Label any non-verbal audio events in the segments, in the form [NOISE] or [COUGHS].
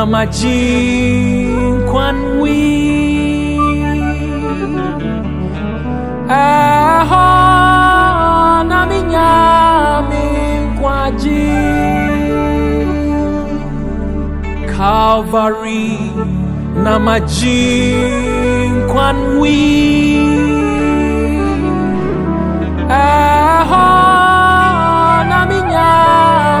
nào mà chi khoan na mi nhà Calvary na ma chi khoan na mi nhà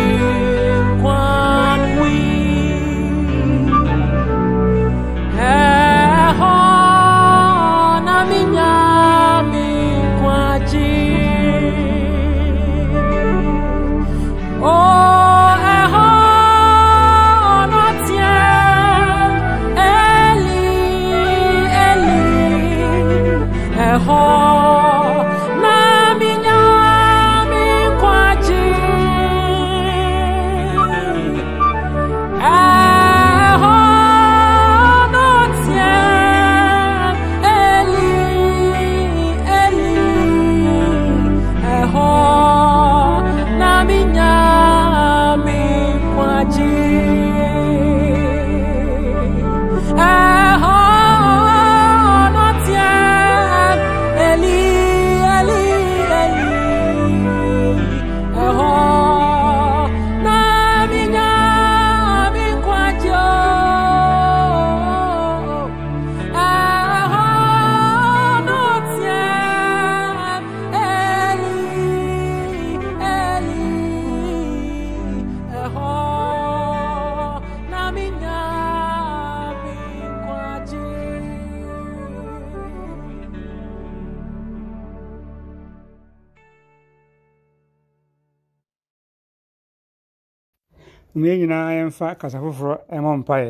yɛn nyinaa yɛmfa kasa foforɔ ɛmɔ mpaeɛ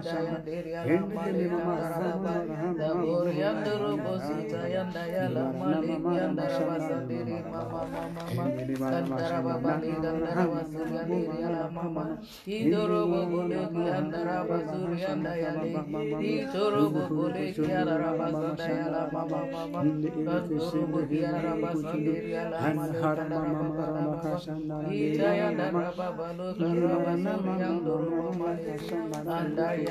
Daya Lama Lima Saraba Dabori Andoro Lama Mama Andaya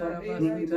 Hallelujah.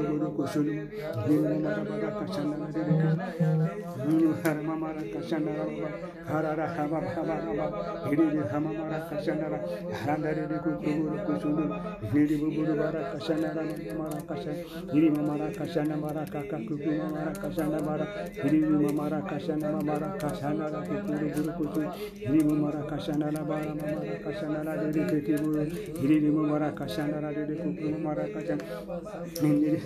Lero Kushuru, Lero Mara Kashana, Lero Harama Mara Kashana, Harara Hama Hama Hama, Lero Hama Mara Kashana, Harandare Kushuru Kushuru, Lero Buru Mara Kashana, Mara Kashana, Lero Mara Kashana, Mara Kaka Kuku, Mara Kashana, Mara, Lero Mara Kashana, Mara Kashana, Kuku Buru Kuku, Lero Mara Kashana, Mara Mara Kashana, Lero Kuku Buru, Lero Mara Kashana, Lero Kuku Mara Kashana, Lero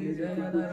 Ini Mama,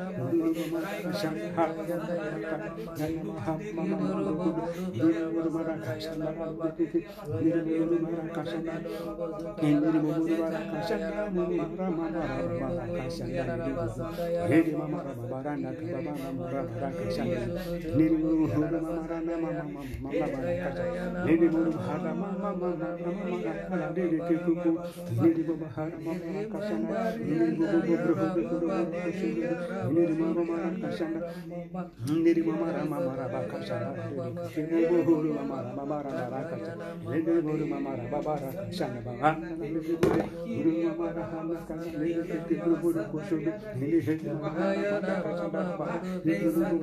Niri mama mama kashanda. Niri mama rama mama rama kashanda. Niri buru mama rama mama rama kashanda. Niri buru mama rama mama rama kashanda. Niri buru mama rama mama kashanda. Niri buru kushudu. Niri jeti mama rama kashanda. Niri buru buru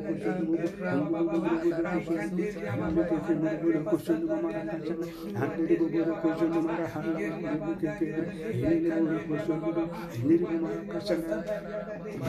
kushudu. Niri buru kushudu mama rama kashanda. Niri buru kushudu mama rama kashanda. Niri buru kushudu mama rama kashanda.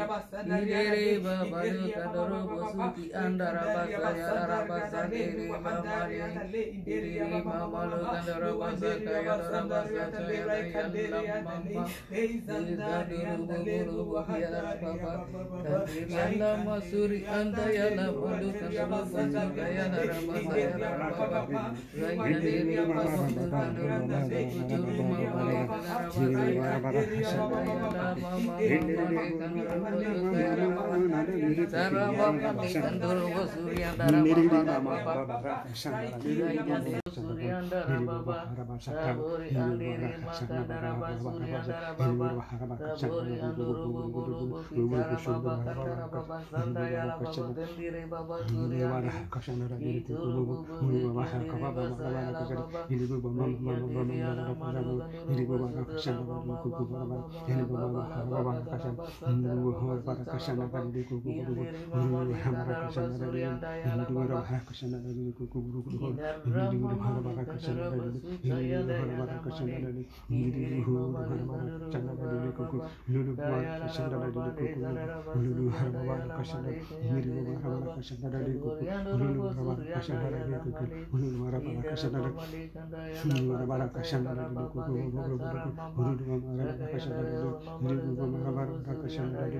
Didere babadu kadoro bosu ki andara basa yara basa dere mamare Didere mamalo kandara basa kayara basa chayara yandam mamma Didaduru buburu buhiyara baba Kadiri yandam masuri anta yana bandu kandara bosu kayana ramasa yara baba Rangandiri yamasu kandara bosu kuturu mamale kandara basa yara basa chayara mamma ini Guru Bara Krishna Bandi Guru Guru Guru Hamara Krishna Bandi Hindu Guru Bara Krishna Bandi Guru Guru Guru Hindu Guru Bara Krishna Bandi Hindu Guru Bara Krishna Bandi Hindu Guru Bara Krishna Bandi Guru Lulu Bara Krishna Bandi Guru Lulu Bara Krishna Bandi Hindu Guru Bara Krishna Bandi Guru Lulu Bara Krishna Bandi Guru Lulu Bara Krishna Bandi Hindu Guru Bara Krishna Bandi Guru Guru Guru Guru Guru Bara Krishna Bandi Hindu Guru Bara Krishna Bandi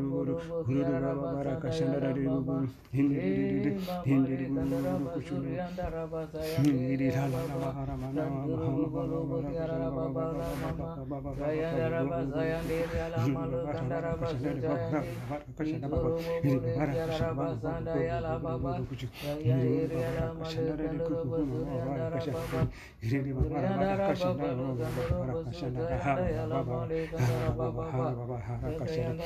guru guru dara bara kasanda dari guru hindi hindi hindi guru kuchulu hindi dara bara bara mana guru guru dara bara bara mama saya dara bara saya diri ala malu dara bara saya kasanda bara hindi bara kasanda ya la baba saya diri ala malu dara bara kasanda hindi bara kasanda bara kasanda ya la malu dara bara kasanda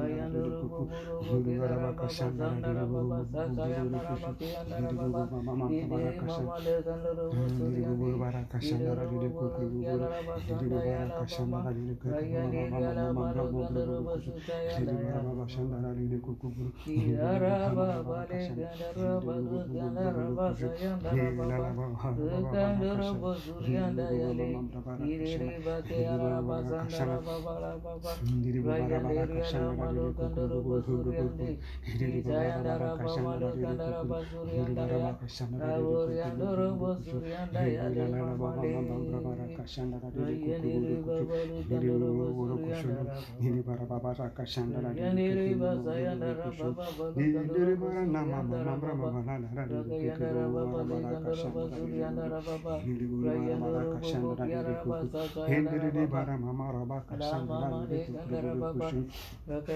Sendiri beberapa kasar, Hendiri di bara mama raba kasandara di kutu kutu kutu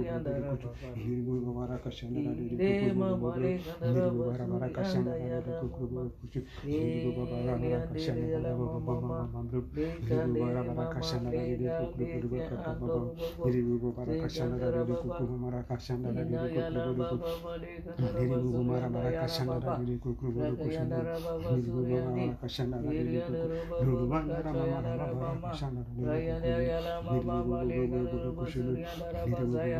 Raya Raya Lama Baba Lega Ruba Suri Andara Bazaya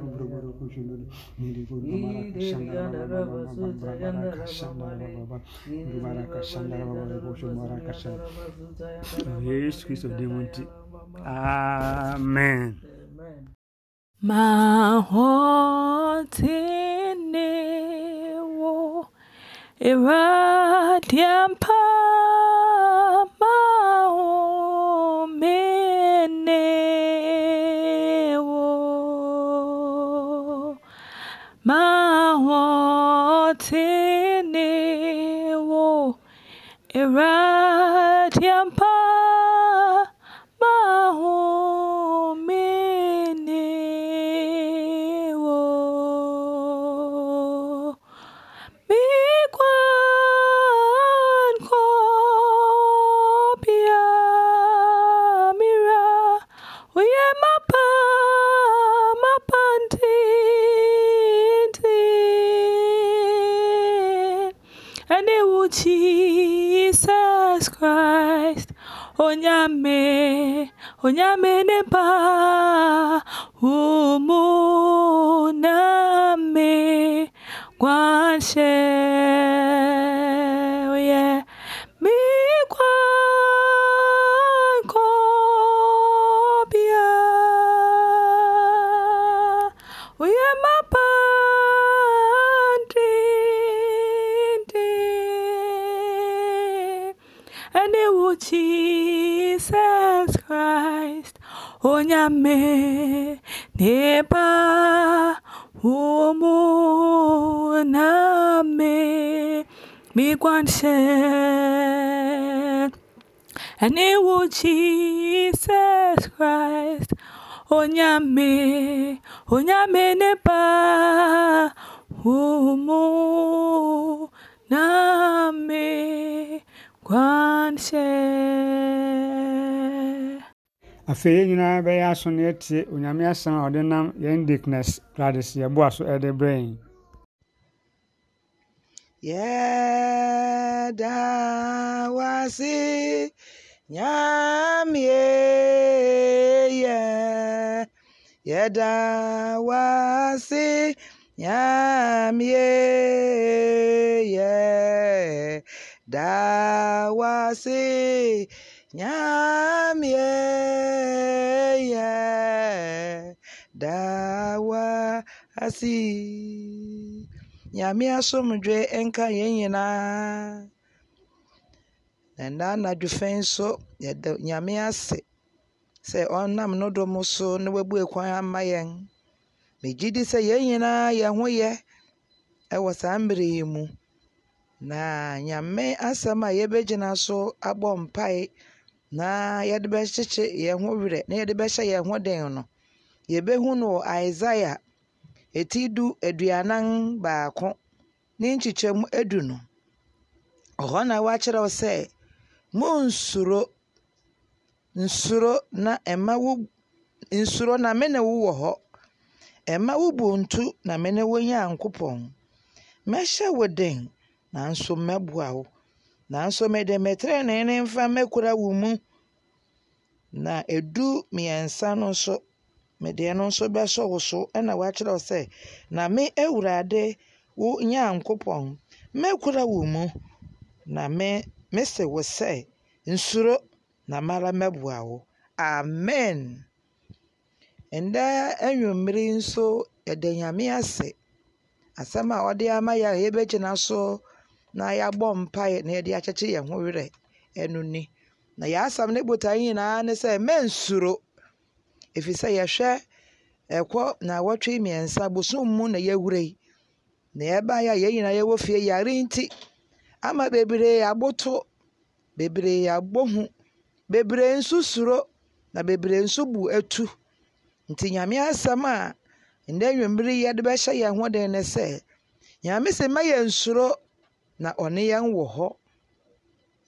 Yesu Kristo ndi munti. iradiampa maomene. around. Jesus Christ, onyame, onyame neba, umuname, guanche. Christ onyame neba umu, umuname migwanshe and it was Jesus Christ onyame onyame neba umu, umuname Guanche. afei yɛn nyinaa bɛyɛ aso na yɛatie onyame asɛm a ɔde nam yɛn dickness gladys yɛboa so ɛde brɛ yɛn yɛda wase nyamie yɛ yɛda wase nyamie yɛ da wase. nyamieye dawa asi nyame asomdwe nka yɛn nyinaa na nna anadwofa nso yɛda nyame ase sɛ ɔnam no dom so na wabue kwan ama yɛn megye di sɛ yɛn nyinaa yɛn ho yɛ ɛwɔ saa mmere yi mu na nyame asɛm a yɛbɛgyina so abɔ mpae na yɛde bɛkyekye yɛn ho werɛ na yɛde bɛhyɛ yɛn ho den no, yɛbɛhu no wɔ Isaia eti du aduanan baako ne nkyekyɛmu edu no. Ɛhɔ na wɔakyerɛw sɛ monnsuro, nsuro na mma wo nsuro na me ne wo wɔ hɔ. Mma wo bo na me ne wo Nyankopɔn. Mɛhyɛ wo den nanso mɛboa wo. nanso mede me trenee no mfa m'akura wo na edu mmiɛnsa no nso, mmedeɛ ɛno nso bɛhyɛ wo so, ɛna wɔakyerɛw sɛ, na me Awurade wo Nyankopɔn, m'akura wo wumu na me mese wo sɛ, nsoro na mara mɛboa wo. Amen. Ndɛ anwummere nso, yɛda Nyame ase. Asɛm a ɔde ama yɛ a yɛbɛgyina so na yɛabɔ mpaeɛ na yɛde akyekye yɛn ho werɛ ɛno ni na yɛasɛm no botae nyinaa ne sɛ nsoro ɛfiri sɛ yɛhwɛ ɛkɔ na wɔtwe mmiɛnsa bosom mu na yɛawura yi na yɛbaeɛ a yɛn nyinaa yɛwɔ fie yare nti ama bebree aboto bebree abohu bebree nso suro na bebree nso bu etu nti nyame asam a ndɛ nwummere yɛde bɛhyɛ yɛn ho den ne sɛ nyame sɛ mɛyɛ nsuro na ɔne yɛn wɔ hɔ.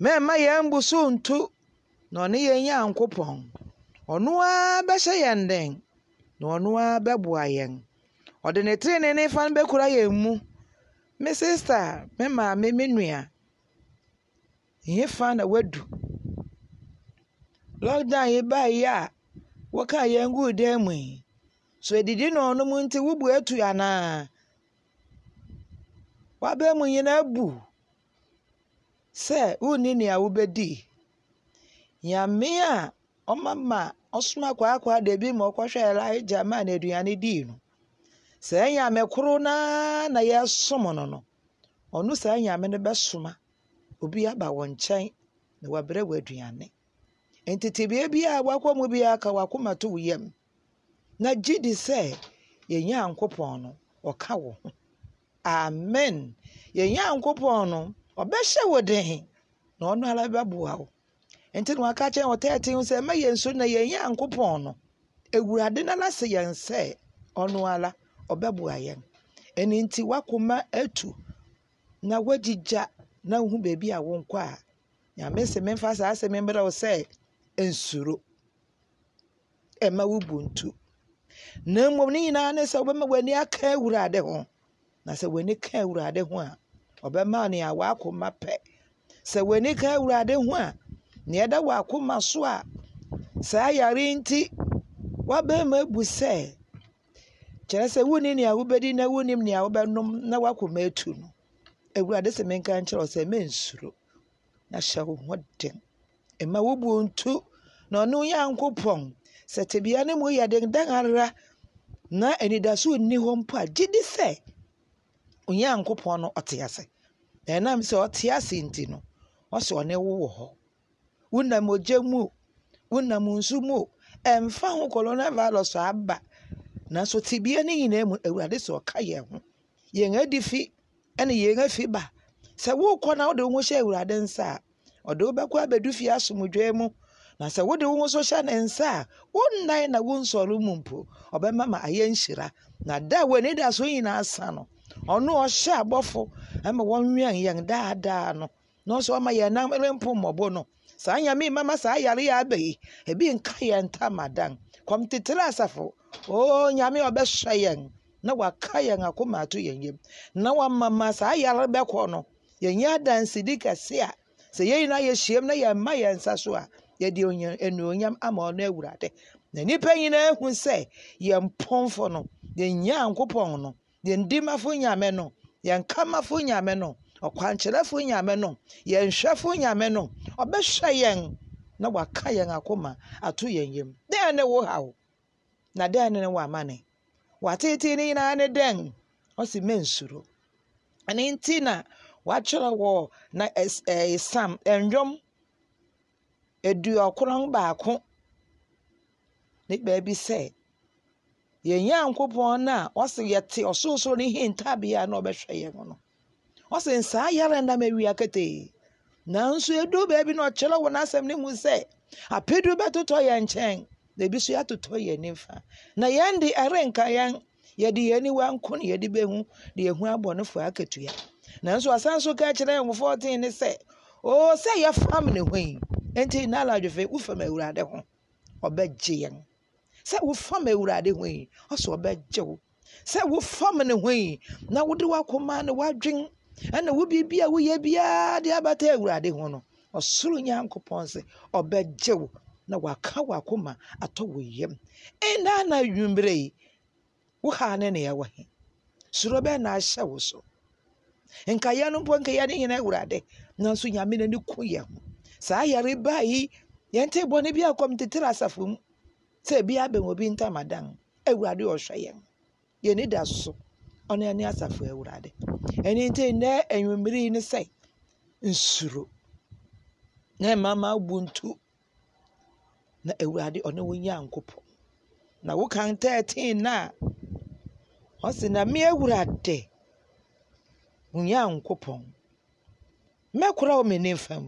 Mɛmma yɛn bo so ntu na ɔne yɛn Nyankopɔn. Ɔno ara bɛhyɛ yɛn den na ɔno ara bɛboa yɛn. Ɔde ne trenee ne fa no bɛkura yɛn mu. Me sista, me maame, me nua, ɛhefa na woadu? Lockdown yi baeɛ yi a wɔkaa yɛn guu dan mu yi, so adidi ne ɔnom nti wo bo atu anaa? wabɛɛ mu nyinaa abu sɛ wunni nea wobɛdi. Nyame a ɔmama ɔsomaa kwaakwaada bi ma ɔkɔhwɛɛ Elija maa na aduane dii no, saa nyame koro na ara na yɛsom no no, ɔno saa nyame no bɛsoma obi aba wo nkyɛn na wabrɛ wo aduane. Nti tebea biara a wakɔ mu biara ka w'akoma to wo yam, na gye di sɛ yɛn Nyankopɔn no, ɔka wo ho. amen yɛn nyankopɔn no ɔbɛhyɛ wo den na ɔno ara bɛboa wo nti na waka kyerɛ wɔ tɛɛte ho sɛ ɛma yɛn so na yɛn nyankopɔn no ewurade nana se yɛn sɛ ɔno ara ɔbɛboa yɛn ɛno nti wakoma atu na wagyigya na wohu baabi a wonkɔ a nyame se memfa saa asɛm mmerɛ wo sɛ nsoro. ɛma wo ntu. na mmom ne nyinaa ne sɛ wobɛma w'ani aka awurade ho na sɛ w'ani ka awurade ho a ɔbɛma nea wakoma pɛ sɛ w'ani ka awurade ho a nea ɛda wakoma so a saa yare nti wabɛɛma abu sɛ kyerɛ sɛ wonni nea wobɛdi na wonnim nea wobɛnom na wakoma atu no awurade sɛ menka nkyerɛ sɛ mensuro na hyɛ wo ho den ɛma wobuo ntu na ɔno nyankopɔn sɛ tebea ne mu yɛ den dan ara na anidaso nni hɔ mpo a gye sɛ onyankopɔn no ɔte ase ɛnam sɛ ɔte ase nti no ɔsɛ ɔne wo wɔ hɔ wonam ogya mu o wonam nsu mu o ɛmfa ho coronavirus aba nanso tibia ne nyinaa mu awurade sɛ ɔka yɛn ho yɛn adi fi ɛne yɛn afi ba sɛ wokɔ na wode wo hyɛ awurade nsa ɔde wobɛkɔ abɛdu fie asomdwee mu na sɛ wode wo ho so hyɛ ne nsa a wonnan na wonsɔre mu mpo ɔbɛma ma ayɛ nhyira na da a w'ani da so nyinaa sa no ɔno ɔhyɛ abɔfo ɛma wɔnwɛn yɛn daadaa no na ɔsɛ ɔma yɛn nan rempo mmɔbɔ no saa nyame mmama saa yare yɛ aba yi ebi nka yɛn ntam adan kɔmtetere asafo oo nyame ɔbɛhyɛ yɛn na waka yɛn akoma ato yɛn yam na wamama saa yare bɛkɔ no yɛnyɛ adansedi kɛse a sɛ yɛn nyinaa yɛhyiam na yɛmma yɛn nsa so a yɛde anuonyam ama ɔno awurade e na nnipa nyinaa hu sɛ yɛn mpɔmfo no yɛnyɛ ankopɔn no deɛ ndimafo nyame no yɛn kamafo nyame no ɔkwankyerɛfo nyame no yɛn hwɛfo nyame no ɔbɛhwɛ yɛn na waka yɛn akoma ato yɛn yam dɛn ne wo haw na dɛn ne wo amane watete ne nyinaa ne dɛn ɔsi mɛ nsuro ɛne nti na wakyerɛ wɔ na ɛɛ sam ɛnwom eduokron baako ne baabi sɛ yɛn nyankopɔn no a ɔsɛ yɛte ɔsorosoro ne hintabea na ɔbɛhwɛ yɛn no ɔsɛ nsaa yare nam awia ketee nanso edu baabi na ɔkyerɛ wɔn asɛm ne mu sɛ apedu bɛtotɔ yɛn nkyɛn na ebi so yɛatotɔ yɛn nifa na yɛn de ɛrenka yɛn yɛde yɛn aniwa nko na yɛde bɛhu na yɛhu abɔ ne fo akatua nanso asan so ka kyerɛ yɛn fourteen ne sɛ oo sɛ yɛfam ne ho yi nti na aladwefe wofam awurade ho ɔbɛgye yɛn sɛ wofam awurade ho yi ɔsɛ ɔbɛgye wo sɛ wofam ne ho yi na wode wakoma ne wadwen ɛna wo biribi a woyɛ biara de abata awurade ho no ɔsoro nyankopɔn sɛ ɔbɛgye wo na waka wakoma atɔ wo yam ɛnaa na nwummerɛ yi wo haa ne neɛ wɔ he suro bɛɛ na ahyɛ wo so nkayɛ no mpo nkayɛ no nyina awurade nanso nyame n'ani ko yɛ ho saa yare baa yi yɛntebɔne bi akɔm tetere asafo mu sɛ ebi abɛn obi ntam adan awurade ɔhwɛ yɛn yɛn ni da so ɔno ɛne asafo awurade ɛne nti nnɛ enwumiri ne sɛ nsuro na mmaama abu ntu na awurade ɔne wɔn nyɛ ankopɔ na wokan tɛɛtɛn na ɔsi na mmea awurade wɔn nyɛ ankopɔ mmɛkora wɔn anim fam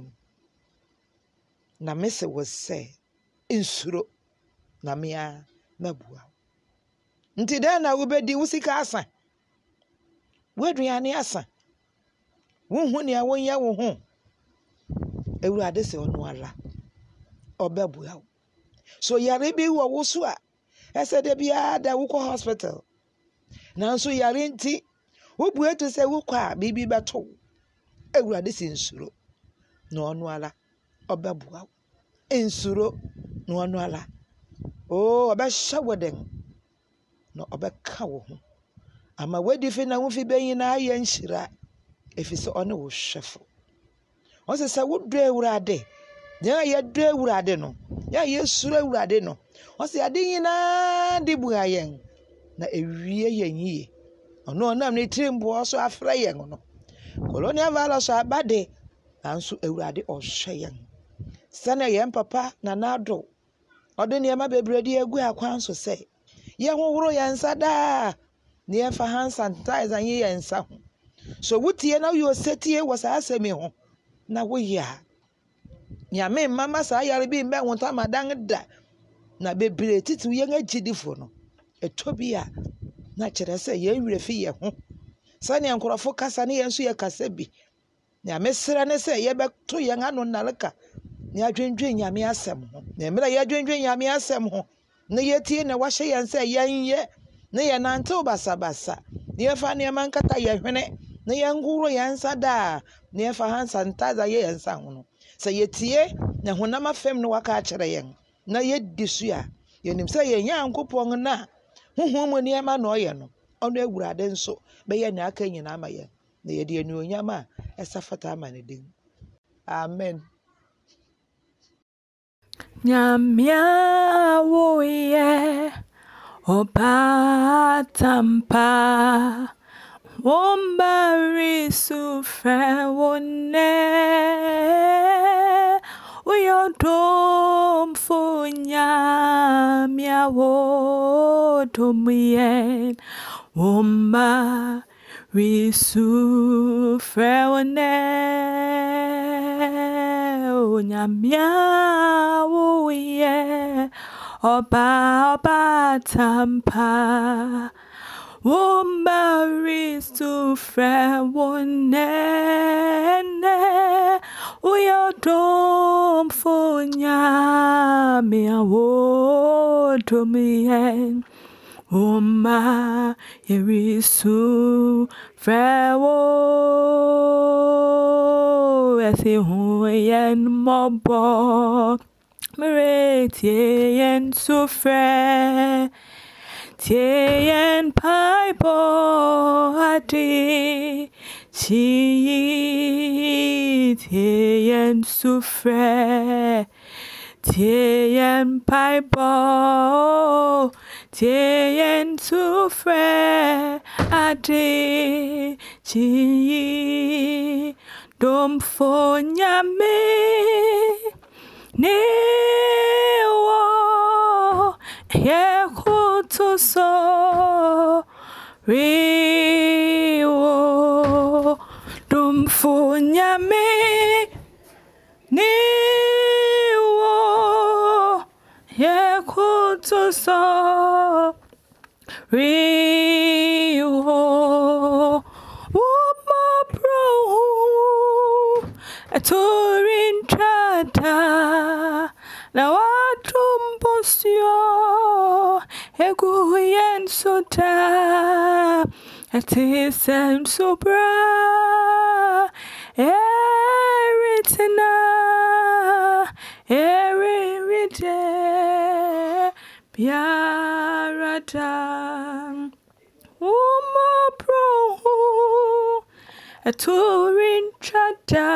na mmesi wɔ sɛ nsuro. na mea mɛboa nti dɛn na wobɛdi wo sika asa w'aduane asa wohu nea wonyɛ wo ho awurade sɛ ɔno ara ɔbɛboa wo so yare bi wɔ wo so a ɛsɛ da biara da wokɔ hospital nanso yare nti wobue to sɛ wokɔ a biribi bɛto wo awurade si nsuro na ɔno ara ɔbɛboa wo nsuro na ɔno ara oo oh, ɔbɛhyɛ wo den na ɔbɛka wo ho ama w'adi fi na wofi bɛ nyinaa yɛ nhyira ɛfiri sɛ ɔne wo hwɛfo ɔsɛ sɛ wodɔ awurade yɛn a yɛdɔ awurade no yɛn a yɛsuro awurade no ɔsɛ ade nyinaa de bua yɛn na ewie yɛn yie ɔno ɔnam ne tirimboɔ so afrɛ yɛn no colonial virus aba de nanso awurade ɔhwɛ yɛn sɛnea yɛn papa na do ɔde nneɛma bebree de agu akwan so sɛ yɛhohoro yɛn nsa daa na yɛfa hand sanitizer nye yɛn nsa ho so wotie na woyɛ osetie wɔ saa asɛm yi ho na woyɛ a nyame mmama saa yare bi mbɛ nwota madan da na bebree titiw yɛn agyidifo no ɛtɔ bi a na kyerɛ sɛ yɛn werɛ fi yɛn ho sɛnea nkurɔfo kasa ne yɛn nso yɛ kasa bi nyame srɛ ne sɛ yɛbɛto yɛn ano nnareka na yɛadwendwen nyame asɛm ho na mmerɛ yɛadwendwen nyame asɛm ho na yɛtie na wahyɛ yɛn sɛ yɛnyɛ na yɛnantew basabasa na yɛfa nneɛma nkata yɛhwene na yɛnhoro yɛn nsa daa na yɛfa ha nsantaza yɛ yɛn nsa ho no sɛ yɛtie na honam afam no waka akyerɛ yɛn na yɛdi so a yɛnim sɛ yɛn nyankopɔn no a honhom mu nneɛma na ɔyɛ no ɔno awurade nso bɛyɛ ne aka nyinaa ama yɛn na yɛde anuonyam a ɛsa fata ama ne din amen Nyam yawoye opatampa wombari sufre wone uyodom funyam yawodomien wombari sufre wone O ye, onyamia uye oba oba tampa Wombaris to frewonene uyodom fonyamia wodomien Oma Yerisu Fewo Ese Huyen Mobo Mere Tien Sufre Tien Paipo Adi Chi Tien Sufre Tien Paipo Adi Tien pai bo, tien tu fre ade chi dom fo nyame ne wo ye kutu so re wo dom fo nyame ne to sorry pro a tour in chata now I tumbos so ta at his and so bra every written every uh, written biarata umoprohu eturinchada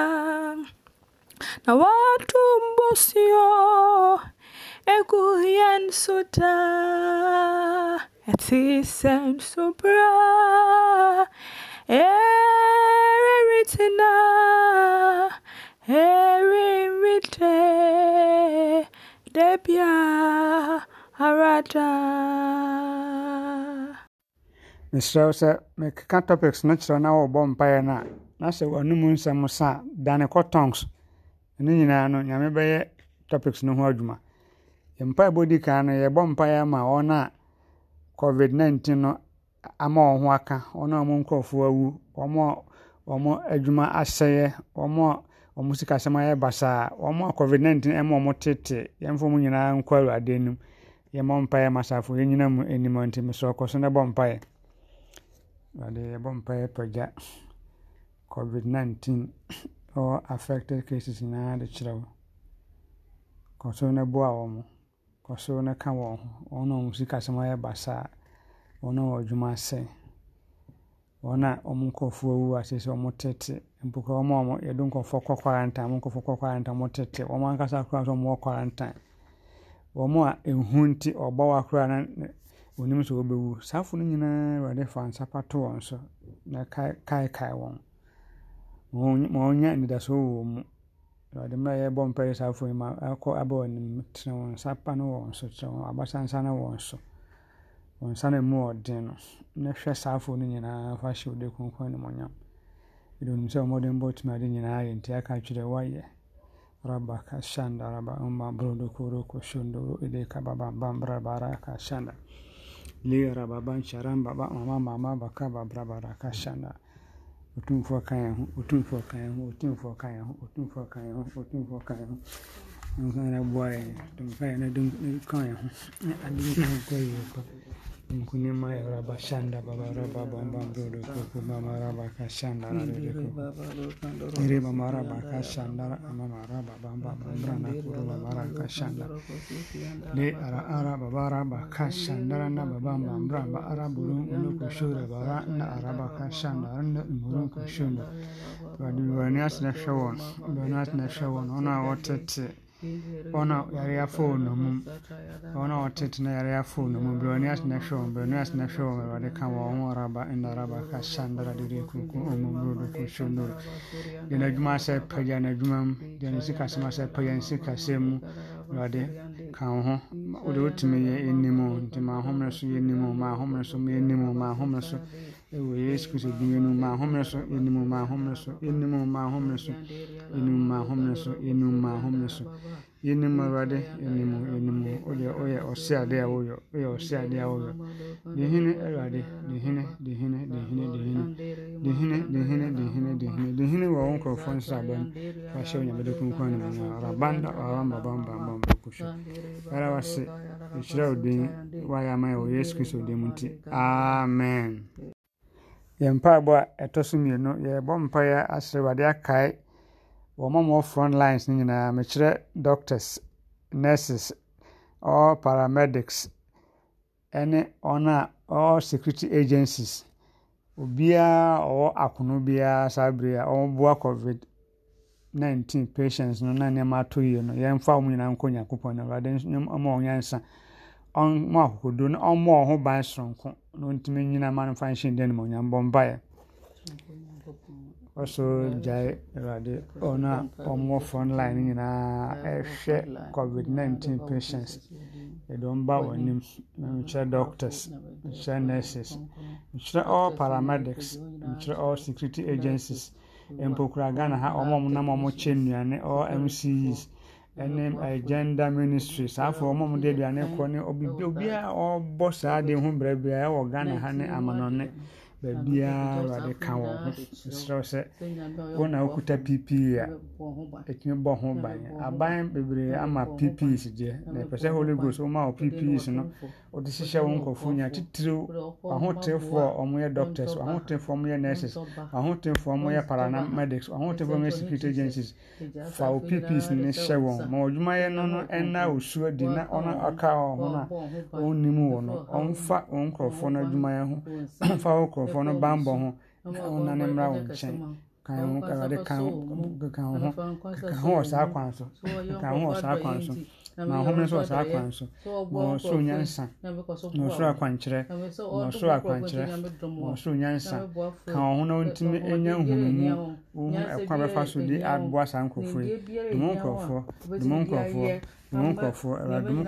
na watu mbosio ekuyensuta etisensobra ereritina erimite debia harada mesrɛ wo sɛ mekeka topics no kyerɛ na wɔbɔ mpaeɛ no a na sɛ wanomu nsɛm sa a dane kɔ tongs ne nyinaa no nyame bɛyɛ topics no ho adwuma mpae bɔdi kan no yɛbɔ mpaeɛ ma ɔn a covid-19 no ama wɔn ho aka ɔn a ɔmo nkurɔfoɔ awu ɔmo ɔmo adwuma asɛeɛ ɔmo a ɔmo sikasɛm ayɛ basaa ɔmo a covid-19 ɛma ɔmo tete yɛmfa mu nyinaa nkɔ awurade anim yɛmmɔ mpaeɛ ma asafo yɛnyinam anim nti mesɛ ɔkɔ so na bɔ mpaeɛ ade yɛbɔ mpaeɛ pagya covid-19 [COUGHS] ɔwɔ affected cases nyinaa de kyerɛ wo kɔ so no boa wɔ mo kɔ so no ka wɔn ho wɔn a wɔn sikasɛm ayɛ basaa wɔn a wɔn adwuma asɛe wɔn a wɔn nkɔfoɔ awu ase sɛ wɔn tete mpokura wɔn a wɔn yɛde nkɔfoɔ kɔ kwarantan wɔn nkɔfoɔ kɔ kwarantan wɔn tete wɔn ankasa kora nso wɔn wɔ kwarantan. wɔn a ehu nti ɔbɔ wɔn akora na onim sɛ wɔbɛwu saa afo no nyinaa awurade fa nsapa pa to wɔn so na kaekae wɔn ma wɔnya anidasoɔ wɔ mu awurade mmerɛ yɛbɔ mpɛre saa afo yi ma ɛkɔ aba wɔn anim tena wɔn nsapa no wɔn so tena wɔn abasa nsa no wɔn so wɔn nsa no mu ɔden no na hwɛ saa afo no nyinaa fa hyɛ ɔde kronkron ne mɔnyam ɛdɛ onim sɛ ɔmmɔden bɔ tumi ade nyinaa yɛ nti aka atwerɛ wɔayɛ raba ka shanda raba umma brodo kuro ko shondo ide ka baba bam raba ra ka shanda le raba ban sharan baba mama mama baka baba raba ra ka shanda utun fo kan yan utun fo kan yan utun fo kan yan utun fo kan yan utun fo kan yan un kan na boye tum kan na dun kan yan adin kan ko yi ko nkuni ma yara ba shanda ba bara ba ban ban do do ko ko ma mara ba ka shanda ra do ko ire ba mara ka shanda ra ama mara ba ban ba ban na ko ba mara ka shanda ne ara ara ba bara ka shanda ra na ba ban ban ba ara buru no ko shura ba ra na ara ba ka shanda ra na murun ko shunda ba ni ba ni asna shawon ba na asna shawon ona wata ɔna yare afɔ wɔn mu ɔna ɔtetena yare afɔ wɔn mu broni atena hwɛ wɔn broni atena hwɛ wɔn awurade ka wɔn ho raba nda raba ka sandara de de kuku ɔmo brodo ko shondoro deɛ n'adwuma asɛ pɛgya n'adwuma mu deɛ ne sika sɛm asɛ pɛgya ne sika sɛm mu awurade ka wo ho wode wotumi yɛ anim nti ma ahomere so yɛ anim ma ahomere so ma anim ma ahomere so ɛwɔ yesu kristo din enum ma ahomere so enum ma ahomere so enum ma ahomere so enum ma ahomere so enum ma ahomere so enum awurade enum enum ɔyɛ ɔyɛ ɔsi ade a ɔyɛ ɔyɛ ɔsi ade a ɔyɛ dehene awurade dehene dehene dehene dehene dehene dehene dehene dehene dehene wɔ wɔn nkorɔfoɔ nsa abɛn wahyɛ onyamede kunkun ne mu nyinaa arabanda arabamba bamba bamba kusha yɛrɛ wase ekyirɛ odin wayɛ ama yesu kristo din mu nti amen yɛn mpaebɔ a ɛtɔ so mmienu yɛrebɔ mpaeɛ ahyɛ Awurade akae wɔn amoɔ front lines no nyinaa mekyerɛ doctors nurses all paramedics ɛne wɔn a all security agencies obiara ɔwɔ akono biara saa bere a wɔboa covid nineteen patients no na nneɛma atɔ yie no yɛmfa wɔn nyinaa nkɔ Nyankopɔn na Awurade ama wɔn nyansa ɔmo akokodo no ɔmo ɔho ban sononko na ɔntumi nyina ma no fa nhyɛn dan mu onyam bɔ mpaeɛ ɔso gyae awurade ɔno a ɔmo front line no nyinaa ɛhwɛ covid nineteen patients yɛde ɔmo ba wɔn anim nkyerɛ doctors nkyerɛ nurses nkyerɛ all paramedics nkyerɛ all security agencies mpo kura ghana ha ɔmo a ɔmo nam ɔmo kyɛ nnuane all mces. ɛne agenda uh, ministry saa afɔ ɔmo de aduane kɔ ne obiara ɔbɔ saa de ho brɛ biara ɛwɔ ghana ha ne amanɔne baabiara awurade ka wɔn ho nserɛw sɛ wɔn na wɔkuta ppee a ɛtumi bɔ ho ban aban bebree ama ppees deɛ na ɛpɛ sɛ holy ghost wɔn oh, oh, a wɔ ppees no wɔde hyehyɛ wɔn nkurɔfoɔ nyinaa titiriw ahotefoɔ a wɔyɛ doctors ahotefoɔ a wɔyɛ nurses ahotefoɔ a wɔyɛ paranamedics, ahotefoɔ a wɔyɛ security agencies fa wɔ ppees ne hyɛ wɔn ma wɔdwumayɛ no no ɛna osuo oh, di na ɔno aka wɔn ho na wɔn nim wɔ no ɔmfa wɔn nkurɔfoɔ no adwumayɛ ho ɔmfa wɔn nkurɔfoɔ nkurɔfoɔ no bammɔ ho na wonane mmra wo nkyɛn kan ho awurade kan ho keka ho ho keka ho wɔ saa kwan so keka ho wɔ saa kwan so na ahome nso wɔ saa kwan so na ɔsoro oh, nyansa na ɔsoro akwankyerɛ na ɔsoro akwankyerɛ na ɔsoro nyansa ka wɔn ho na wɔntumi anya oh, nhunumu wɔn ɛkwan bɛfa so de aboa saa nkurɔfoɔ yi dumo nkurɔfoɔ dumo nkurɔfoɔ dumo nkurɔfoɔ ɛwɛ dumo.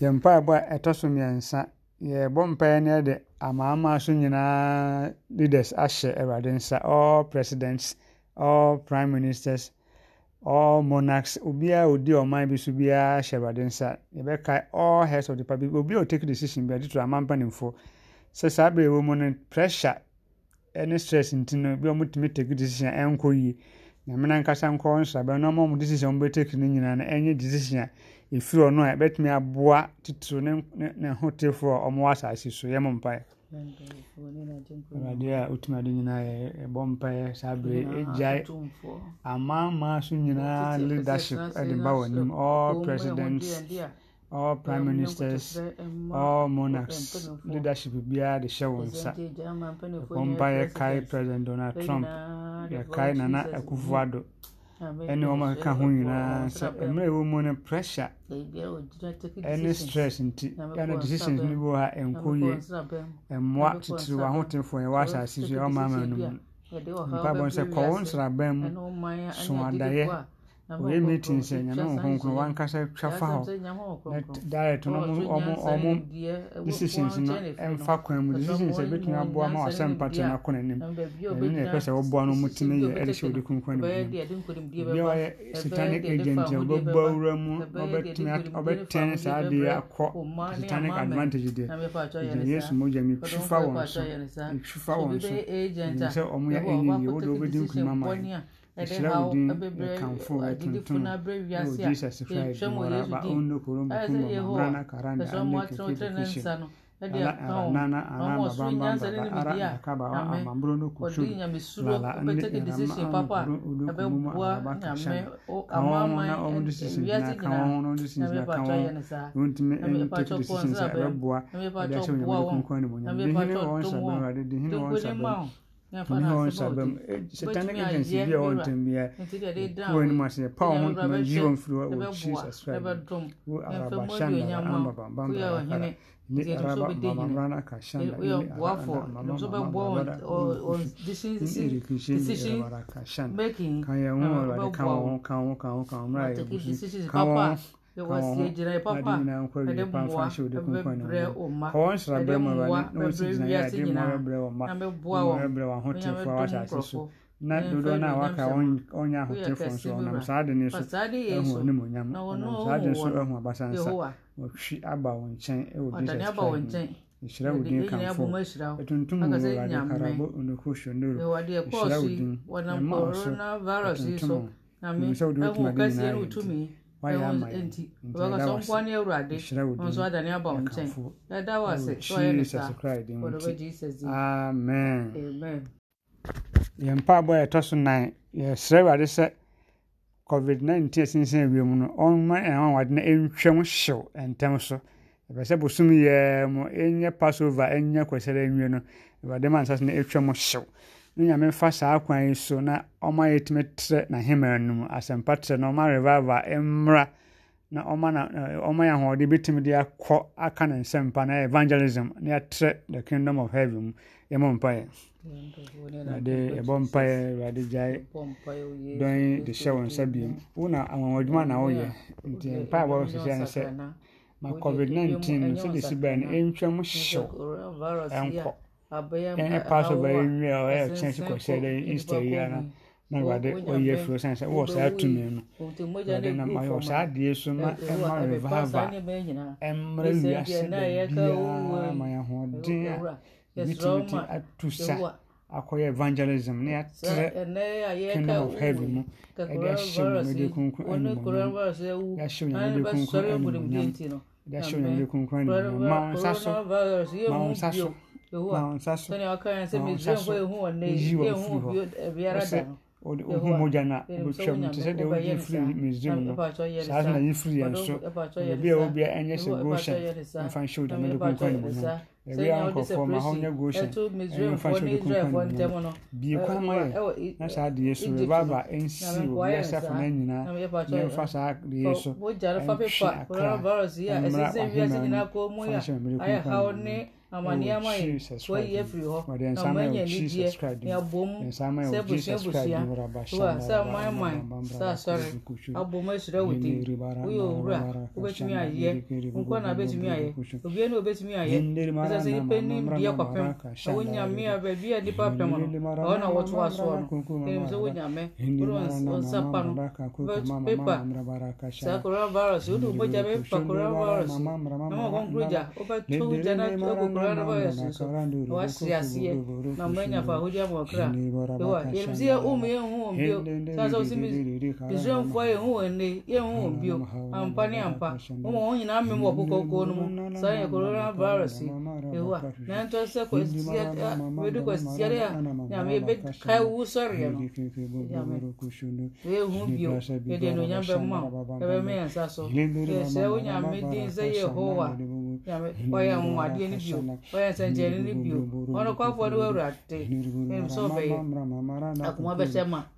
Yɛn mpaebɔ a ɛtɔ so mmiɛnsa, yɛrebɔ mpaeɛ no de amanaman so nyinaa leaders ahyɛ Awurade nsa. All presidents, all prime ministers, all monarchs, obiara a ɔdi ɔman bi so biara hyɛ Awurade nsa. Yɛbɛkae all heads of the public, obiara a decision biara, de to aman mpanimfoɔ. Sɛ saa berɛ a mu no, pressure ne stress nti no, bi a wɔtumi take decision a ɛnkɔ yie. Nyame no ankasa nkɔ wɔn so na ɔmma wɔn decision a wɔbɛtake no nyinaa no ɛnyɛ decision a ɛfiri ɔno a ɛbɛtumi aboa titiri ne hotefoɔ a ɔmowɔ asase so yɛ mo mpaeɛ awurade a ɔtumi ade nyinaa ɛbɔ mpaeɛ saa bere ɛgyae amaamaa so nyinaa leadership de ba wɔ anim all presidents all prime ministers all monarchs leadership biara de hyɛ wɔn nsa ɛbɔ mpaeɛ kae president donald trump yɛkae nana akufuado ɛne ɔmaka ho nyinaa sɛ mmerɛ ɛwɔ mu no pressure ɛne stress nti ɛne decisions no bi wɔ ha ɛnkɔ yie mmoa titiri w'ahotemfo ɛwɔ asase so ɛwɔ maama no mu mpabɔ sɛ kɔ wo nsraban mu so adaeɛ oyɛ meeting sɛ nyame wo kronkron wankasa twa fa hɔ direct no ɔmo decisions no ɛmfa kwan mu decisions a ɛbɛtumi aboa ma wasɛmpa te no akɔ n'anim ɛno ne ɛpɛ sɛ wɔboa no motumi yɛ ɛde hyɛ wode kronkron no bia wayɛ satanic agent a wobɛbɔ wura mu ɔbɛtɛn saa deɛ akɔ satanic advantage deɛ gyina yesu mogya metwi fa wɔn so metwi fa wɔn so ɛsɛ ɔmo yɛ ɛnyɛ wode wobɛdi nkonima ma ɛkanfo ɛtuntun ɛwɔ jesus christ mu raba ɔnno kuro mu kuma mabra na kara ne ane keke keke ala aranana ana mabamba baba ara akaba wa amambro no kushu lala ande irama amukuru ulu kumuma alaba kashan kawa wana omu decision na kawa wana omu decision na kawa untime ene take decision sa ebebua ɛdi ahyɛ onyamu nkonko ne mu onyamu dehene wɔn nsa na ɔwade mihɔ nsabɛm satanic agency bi a ɔwɔ ntɛm bia kuro anim ase pa wɔn ntoma yi wɔn firi hɔ wɔ jesus christ wo araba shandara amaba bambara akara ne araba mamamra na aka shandara ne araba mamamra ne erikinshe ne araba aka shandara kan yɛ wɔn wɔn kan wɔn kan wɔn kan wɔn kan wɔn mmerɛ kan wɔn ka wɔn ho ade nyinaa nkɔ wie pamfa nhyɛ wode kunkwan ne mu ka wɔn nhyira brɛ mu awurade na wɔsi gyina yɛ ade mmɔrɛ brɛ wɔn ma mmɔrɛ brɛ wɔn ahotefoɔ a oh. wɔahyɛ ase eh, oh. eh, eh, so na dodoɔ no a waka ɔnyɛ ahotefoɔ nso ɔnam saa ade ne so ahu animonyam ɔnam saa ade nso ahu abasansa wɔtwi aba wɔn nkyɛn wɔ jesus christ mu nhyira wo din kamfo ɛtontom wo awurade karabo onokohyo ndoro nhyira wo din ɛma wo so ɛtontom wo ɛhu sɛ wode wotumi ade nyinaa yɛ nti yɛ mpaabɔ yɛtɔ so nan yɛsrɛ awurade sɛ covid-19 asinsan wiem no ɔma ɛnwanwade no ɛntwam hyew ntɛm so ɛpɛ sɛ bosom yɛɛ mu ɛnyɛ passover ɛnyɛ kwasɛre nwie no awurade ma nsase no ɛtwam hyew ne nyame mfa saa kwan yi so na ɔma yɛtumi trɛ n'ahema no mu asɛmpa trɛ na ɔma revival mmra na ɔma yɛ ahoɔden bɛtumi de akɔ aka ne nsɛmpa na evangelism na yɛatrɛ the kingdom of heaven mu yɛmɔ mpaeɛ awurade yɛbɔ mpaeɛ awurade gyae oh, dɔn de hyɛ wɔn nsa biom wo na anwanwadwuma na woyɛ nti mpa a wɔhyehyɛ ne sɛ ma covid-19 no sɛde si bae no ɛntwa mu hyew ɛnkɔ ɛne pastor bɛyɛ wie a ɔyɛ kyɛn so kɔhyɛ dɛ easter yi ara na awurade ɔyɛ afiri sane sɛ wɔ saa tumi no awurade nam ayɛ ɔsaa adeɛ so ma ɛma revava ɛmmerɛ wiase baabiaa ma yɛhoɔden a yɛtumi de sa akɔyɛ evangelism na yɛatrɛ kingdom of heaven mu ɛde ahyɛ onyamede kronkron animonyam yɛahyɛ onyamede kronkron animonyam yɛahyɛ onyamede kronkron animonyam ma wo nsa so ma wo nsa so ohu mogya um um na obɛtwa mu nti sɛdeɛ wogye firi misdem no saa na ye firi yɛn so baabi a wobia ɛnyɛ sɛ goshen mfa nhyɛ odwuma de konkwan mu no baabi a nkɔfoɔ ma hɔ nyɛ goshen ɛmfa nhyɛ de konkwan mu no bie kwan ma yɛ na saa deɛ so rebaaba ɛnsi wɔ wiase afana nyinaa na ɛmfa saa deɛ so ɛntwe akra mmra wahema no mfa nhyɛ mmere konkwan mu amane oh, ama yɛ wɔyi afiri hɔ na ɔma anya nigyeɛ ne abom sɛ busua busua wa sɛ manman sɛ asɔre abom ahyira wo din woyɛ owura wobɛtumi ayɛ nkɔ na bɛtumi ayɛ obia ne obɛtumi ayɛ ɛsɛ sɛ nnipa nim deɛ kɔpem na wonyame a baabi a nnipa pem no ɛhɔ na wɔtoa soɔ no ɛnim sɛ wonyame wode ɔnsa pa no pepa saa coronavirus wode wobɔgya bɛpa coronavirus na ma ɔkɔnkoro gya wobɛto gya no akokoro wasiasie na umenya fa huja mwakra ewa yemzie ụmụ ye ehu mbio sasa usimi iswe mfwa ye huo nne ye huo mbio ampani ampa umu huo nyina ame ewa nanto sɛ kɔsiade kɔsiade a nyame bɛka wu sɔreɛ no ɛhu bio yɛde anuonyam bɛma wo ɛbɛma yɛ nsa so yɛsɛ wo nyame din sɛ yehowa nyame ɔyɛ mmoadeɛ no bio ɔyɛ nsɛnkyɛne no bio ɔno kɔfoɔ no wawurade ɛnim sɛ ɔbɛyɛ akoma bɛhyɛ ma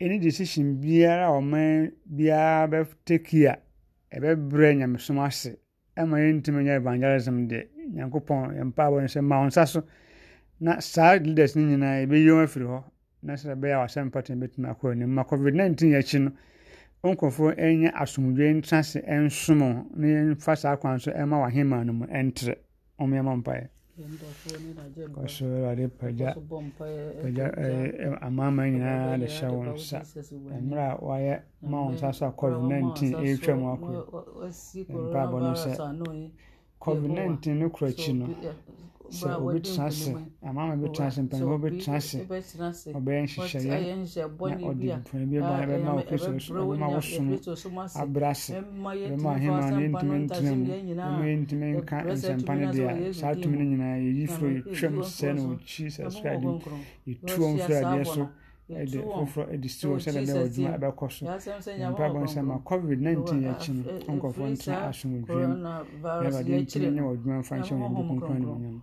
ɛne decision biara a ɔman biara bɛteki a ɛbɛbrɛ nyamesom ase ama yɛntumi nyɛ evangelism deɛ nyankopɔn yɛmpaabɔ no sɛ ma wo nsa so na saa leaders no nyinaa yɛbɛyi wɔn afiri hɔ na sɛ ɛbɛyɛ a wasɛm pɔtɛn bɛtumi akɔ anim ma covid nineteen akyi no nkurɔfoɔ ɛnyɛ asomdwe ntra ɛnsom na yɛmfa saa kwan so ɛma wahema no mu ɛntrɛ ɔmo yɛ mɔ mpaeɛ kɔsɔɔlɔde pagya pagya ɛɛ amanaman nyinaa de hyɛ wɔn nsa mmerɛ a wɔayɛ ma wɔn nsa so a covid nineteen ɛretwa mu akɔ mpaabɔ no sɛ covid nineteen no kura akyi no. Eh, sɛ obɛtena ase amaama bɛtena ase mpanimfoɔ bɛtena ase ɔbɛyɛ nhyehyɛeɛ na ɔde mpɔn bi ba ɛbɛma wo kristo so ɛbɛma wo som abrɛ ase ɛbɛma ɔhema no yɛntumi ntena mu ɛma yɛntumi nka nsɛmpa no deɛ a saa tumi no nyinaa yɛyi foro yɛtwam sɛ na wɔkyi sɛ soro ade yɛtu wɔn firi adeɛ so ɛde foforɔ ɛde si wɔ sɛdeɛ bɛyɛ ɔdwuma ɛbɛkɔ so nyampa bɔ nsɛm a covid nineteen yɛakyi no nkɔfoɔ ntena asomdwuam ɛbɛde nkyene nyɛ ɔdwuma mfa nhyɛ wɔn bi kronkron ne mu nyam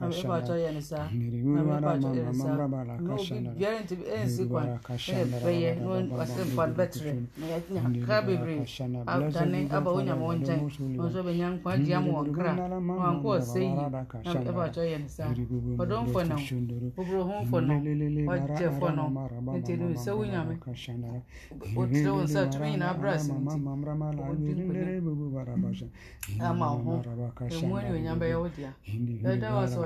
abebata yanisa abebata yanisa nti nsa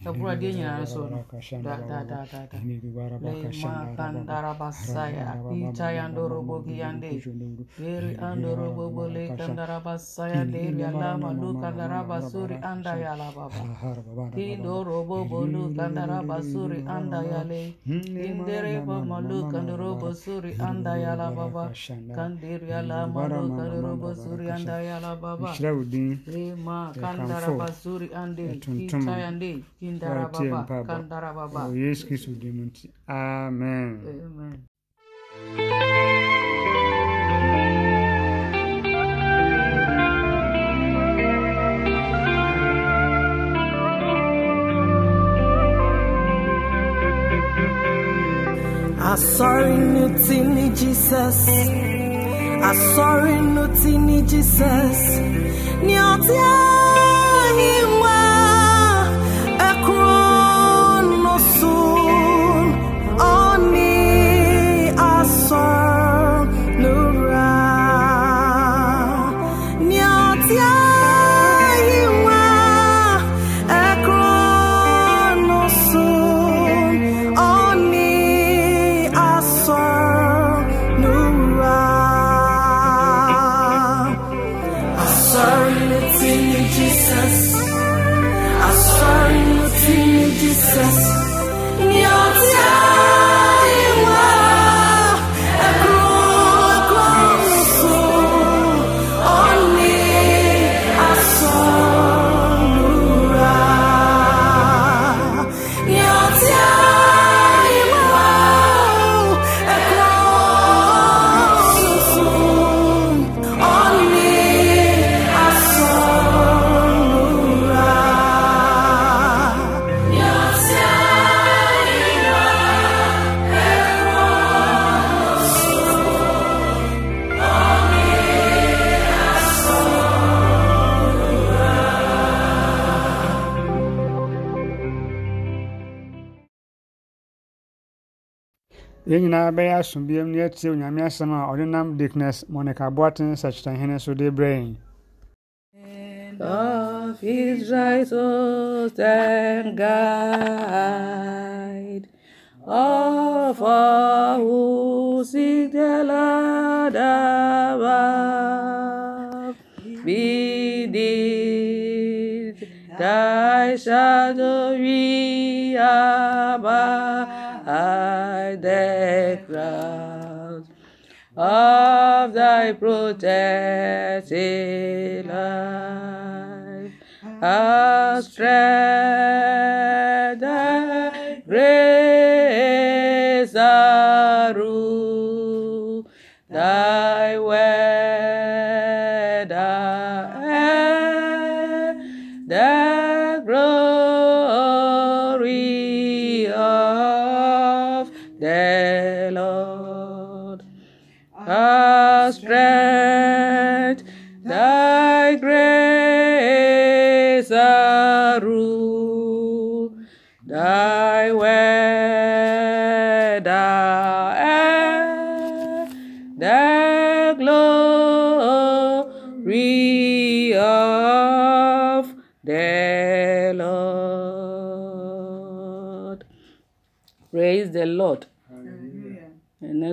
Chakula dyenye naso lemakandharabasaya picha yandorobokiyande deri andorobobole kandarabasaya deri alamalu kandarabasuri anda ya yalababa indorobobolu kandarabasuri anda ya yale inderebomalu suri anda ya yalababa kanderi alamalu suri anda ya yalababa lema kandarabasuri ande picha yande Indarababa, Kandarababa. Por isso que subimos. Amém. Amém. Asọrị n'uti ni Jisọs, asọrị n'uti ni Jesus, ni ọtí ahịhịa. bɛyɛ asombiam ne atie onyame asɛm a ɔde nam dickness monica boaten sɛkyerɛhene so de brɛ Of his righteous and guide, of all who seek the Lord above, beneath thy shadowy above. hide the clouds of thy protected light. Outstretched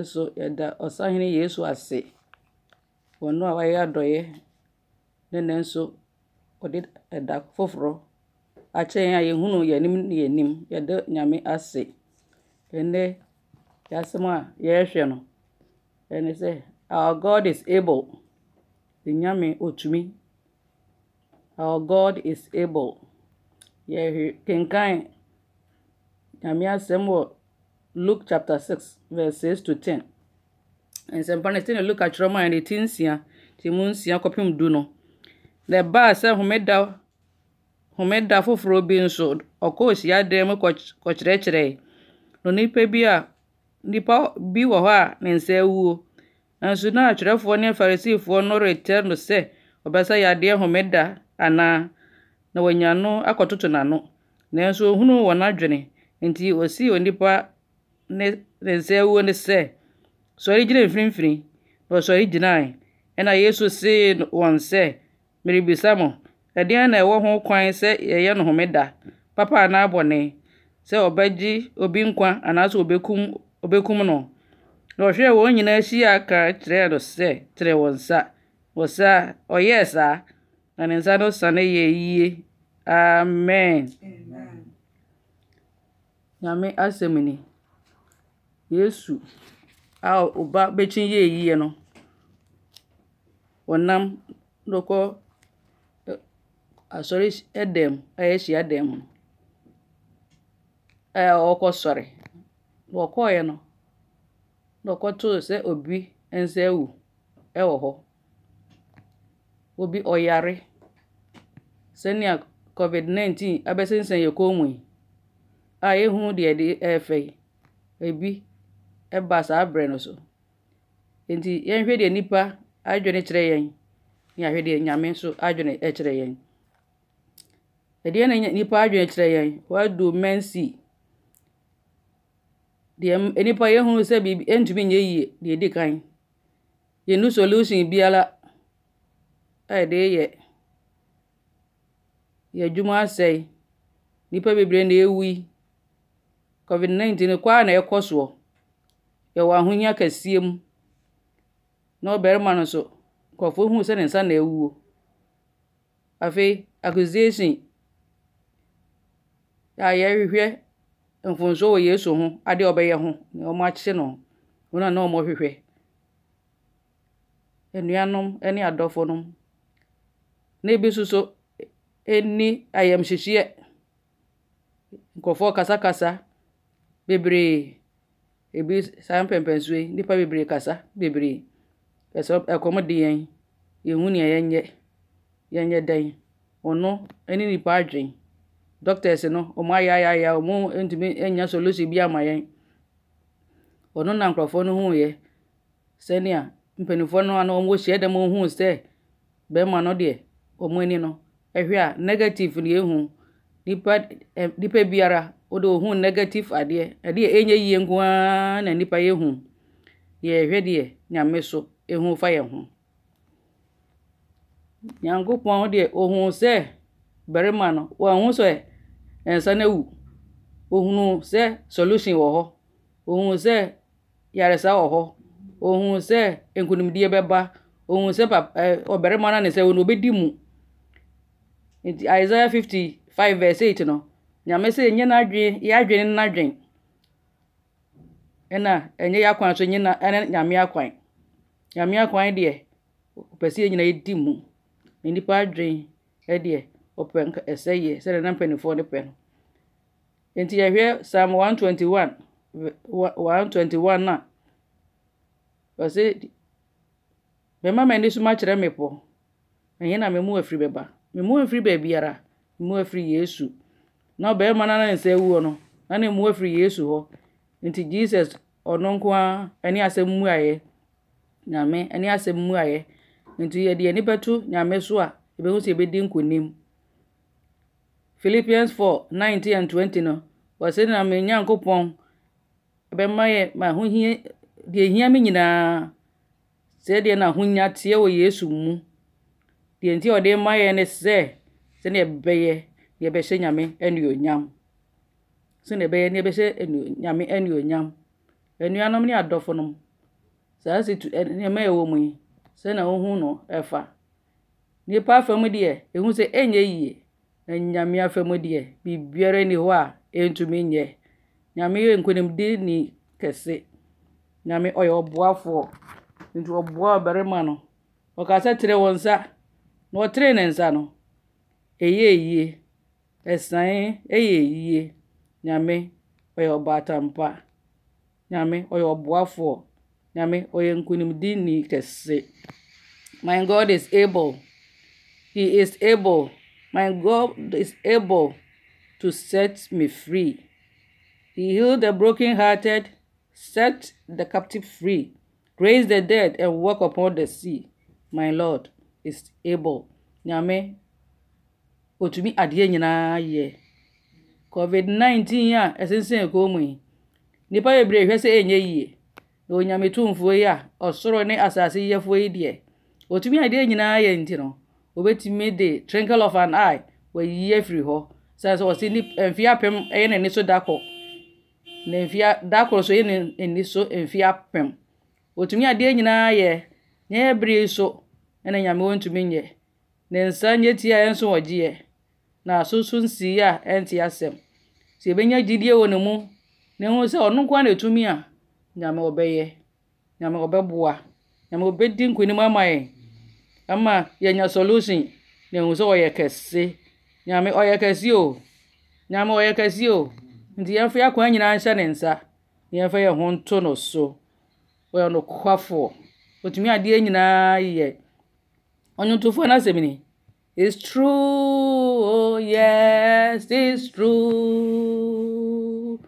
nso yɛda ɔsahene yesu ase wɔ no a wayɛ adɔeɛ ne ne nso ɔde ɛda foforɔ akyɛ yɛn a yɛhunu yɛn anim ne yɛn anim yɛda nyame ase ɛnɛ yɛasɛm a yɛrehwɛ no ɛne sɛ our god is able nyame otumi our god is able yɛhwɛ kenkan nyame asɛm wɔ Luke chapter 6, verse 6 to 10. Nsɛmpa no ɛsɛ Luke atwerɛ mu a ne ti nsia te mu nsia kɔpem du no. Na ɛbaa sɛ homeda homeda foforɔ bi nso ɔkɔɔ hyiadan mu kɔkyerɛkyerɛe. Na nnipa bi a nnipa bi wɔ hɔ a ne nsa awuo. Nanso na atwerɛfoɔ ne farisifoɔ no rekyerɛ no sɛ ɔbɛsa yadeɛ homeda anaa na wɔanya no akɔtoto n'ano. Nanso ohunuu wɔn adwene nti osii onipa ne nsɛwuo ne sɛ sɔre gyina mfimfini na ɔsɔre gyinae ɛna yesu see wɔn sɛ merebisa mo ɛdeɛn na ɛwɔ ho kwan sɛ yɛyɛ no da papa anaa bɔne sɛ ɔbɛgye obi nkwa anaasɛ ɔbɛkum ɔbɛkum no na ɔhwɛɛ wɔn nyinaa hyia ka kyerɛɛ no sɛ kyerɛ wɔn nsa wɔ saa ɔyɛɛ saa na ne nsa no sane yɛ yie amen nyame asɛm ni Yesu a ɔba bɛkyin yɛɛ yie no ɔnam rekɔ asɔre dan mu a ɛyɛ hyiadan mu a ɔrekɔsɔre. Na ɔkɔeɛ no, na ɔkɔtoo sɛ obi nsa awu wɔ hɔ. Obi ɔyare sɛnea covid 19 abɛsensɛn yɛn kɔn mu yi a yɛnhunu deɛ ɛde ɛreba yi, ebi. ɛba saa berɛ no so nti yɛnhwɛ deɛ nnipa adwene kyerɛ yɛn ne ahwɛ deɛ nyame nso adwene kyerɛ yɛn ɛdeɛ na nnipa adwene kyerɛ yɛn wado mensi deɛ nnipa yɛhunu sɛ biribi ɛntumi nyɛ yie deɛ ɛdi kan yɛnu solution biara a yɛde yɛ yɛ adwuma asɛe Nipa bebree na ɛwu yi covid-19 kwaa na ɛkɔ soɔ yɛwɔ ahonya kɛseɛ mu na ɔbarima no so nkurɔfoɔ huu sɛ ne nsa na awuo afei accusation a yɛrehwehwɛ mfonsoɔ wɔ yesu ho ade ɔbɛyɛ ho na ɔmo akye no wɔn a na ɔmo hwehwɛ nnuanom ne adɔfonom na ebi nso so ni ayamhyehyeɛ nkurɔfoɔ kasakasa bebree. ebi saa mpɛmpɛnsoe nnipa bebree kasa bebree ɛsɛ ɛkɔm de yɛn yɛhu nea yɛnyɛ yɛnyɛ dan ɔno ne nnipa adwen doctors no ɔmo ayayaya ɔmo ntumi nya solution bi ama yɛn ɔno na nkurɔfoɔ no huuɛ sɛnea mpanimfoɔ no ano ɔmo hyia dɛm ohuu sɛ bɛrima no deɛ ɔmo ani no ɛhwɛ a negative na ehu nipa ɛ nipa biara wode ohun negative adeɛ ɛdeɛ ɛnyɛ yie nkoaa na nnipa yɛhu yɛhwɛ deɛ nyame so ɛhu fa yɛn ho nyankopɔn deɛ ohu sɛ barima no wahu sɛ ɛnsa no awu ohunu sɛ solution wɔ hɔ ohunu sɛ yaresa wɔ hɔ ohunu sɛ nkonimdie bɛba ohun sɛ papa ɛ ɔbarima no mu nti Isaiah fifty nyame sɛ ɛnyɛ n'adwene yɛ adwene no n'adwene ɛna ɛnyɛ yɛ akwan so nyɛ ɛne nyame akwan nyame akwan deɛ ɔpɛ sɛ yɛ yɛdi mu nnipa adwene ɛdeɛ ɔpɛ nka ɛsɛyɛ sɛdeɛ na mpanimfoɔ no pɛ no nti yɛhwɛ psalm one twenty one twenty one na ɔsɛ bɛma ma so makyerɛ mepɔ ɛnyɛ na memu afiri bɛba memu afiri baabiara memu afiri yesu na ɔbarima no nsa awu no na ne mmoa firi yesu hɔ nti jesus ɔno nko ara ne asɛm mmuaeɛ nyame mmụọ asɛm mmuaeɛ nti yɛde nipa tu nyame so a ebihu sɛ ebedi nkonim philippians four nineteen and twenty no wɔsɛ na me nyankopɔn bɛma yɛ ma ho hia deɛ hia me nyinaa sɛdeɛ na ho nya teɛ wɔ yesu mu deɛ nti ɔde ma yɛ ne sɛ sɛdeɛ bɛyɛ yɛbɛhyɛ nyame anuonyam sɛnea ɛbɛyɛ ne yɛbɛhyɛ nyame anuonyam anuanom ne adɔfonom saa situ nneɛma a ɛwɔ mu yi sɛnea wohu no ɛfa nnipa afa mu deɛ ehu sɛ ɛnyɛ yie na nyame afa mu deɛ biribiara nni hɔ a ɛntumi nyɛ nyame yɛ nkonimdini kɛse nyame ɔyɛ ɔboafoɔ nti ɔboa ɔbarima no ɔkasa tere wɔn nsa na ɔtere ne nsa no ɛyɛ yie ɛsan ɛyɛ yie nyame ɔyɛ ɔbaata mpa nyame ɔyɛ ɔboafoɔ nyame ɔyɛ nkonimdini kɛse my god is able he is able my god is able to set me free he healed the broken hearted set the captive free raise the dead and walk upon the sea my lord is able nyame otumi adeɛ nyinaa yɛ covid 19 a ɛsensɛn kɔn mu yi nnipa bebree hwɛ sɛ ɛnyɛ yie na onyame tumfoɔ yi a ɔsoro ne asase yɛfoɔ yi deɛ otumi adeɛ nyinaa yɛ nti no wɔbɛtumi de trinkle of an eye wɔayiyi afiri hɔ sɛ sɛ wɔsi ni mfe apem ɛyɛ n'ani so da na mfe da koro so yɛ n'ani so mfe apem otumi adeɛ nyinaa yɛ nyɛ bere so ɛna nyame wɔntumi nyɛ ne nsa nyɛ tia yɛn nso wɔgyeɛ. na susu nsii a ɛnte asɛm sɛ yɛbɛnya gyidie wɔ ne mu na ehu sɛ ɔno nko na etumi a nyame ɔbɛyɛ nyame ɔbɛboa nyame ɔbɛdi nkonim ama yɛn ama yɛnya solution na ehu sɛ ɔyɛ kɛse nyame ɔyɛ kɛse o nyame ɔyɛ kɛse o nti yɛmfa akwan nyinaa nhyɛ ne nsa na yɛmfa yɛn ho nto no so ɔyɛ nokwafoɔ otumi adeɛ nyinaa yɛ ɔnwontofoɔ n'asɛm ni. It's true. Oh, yes, it's true.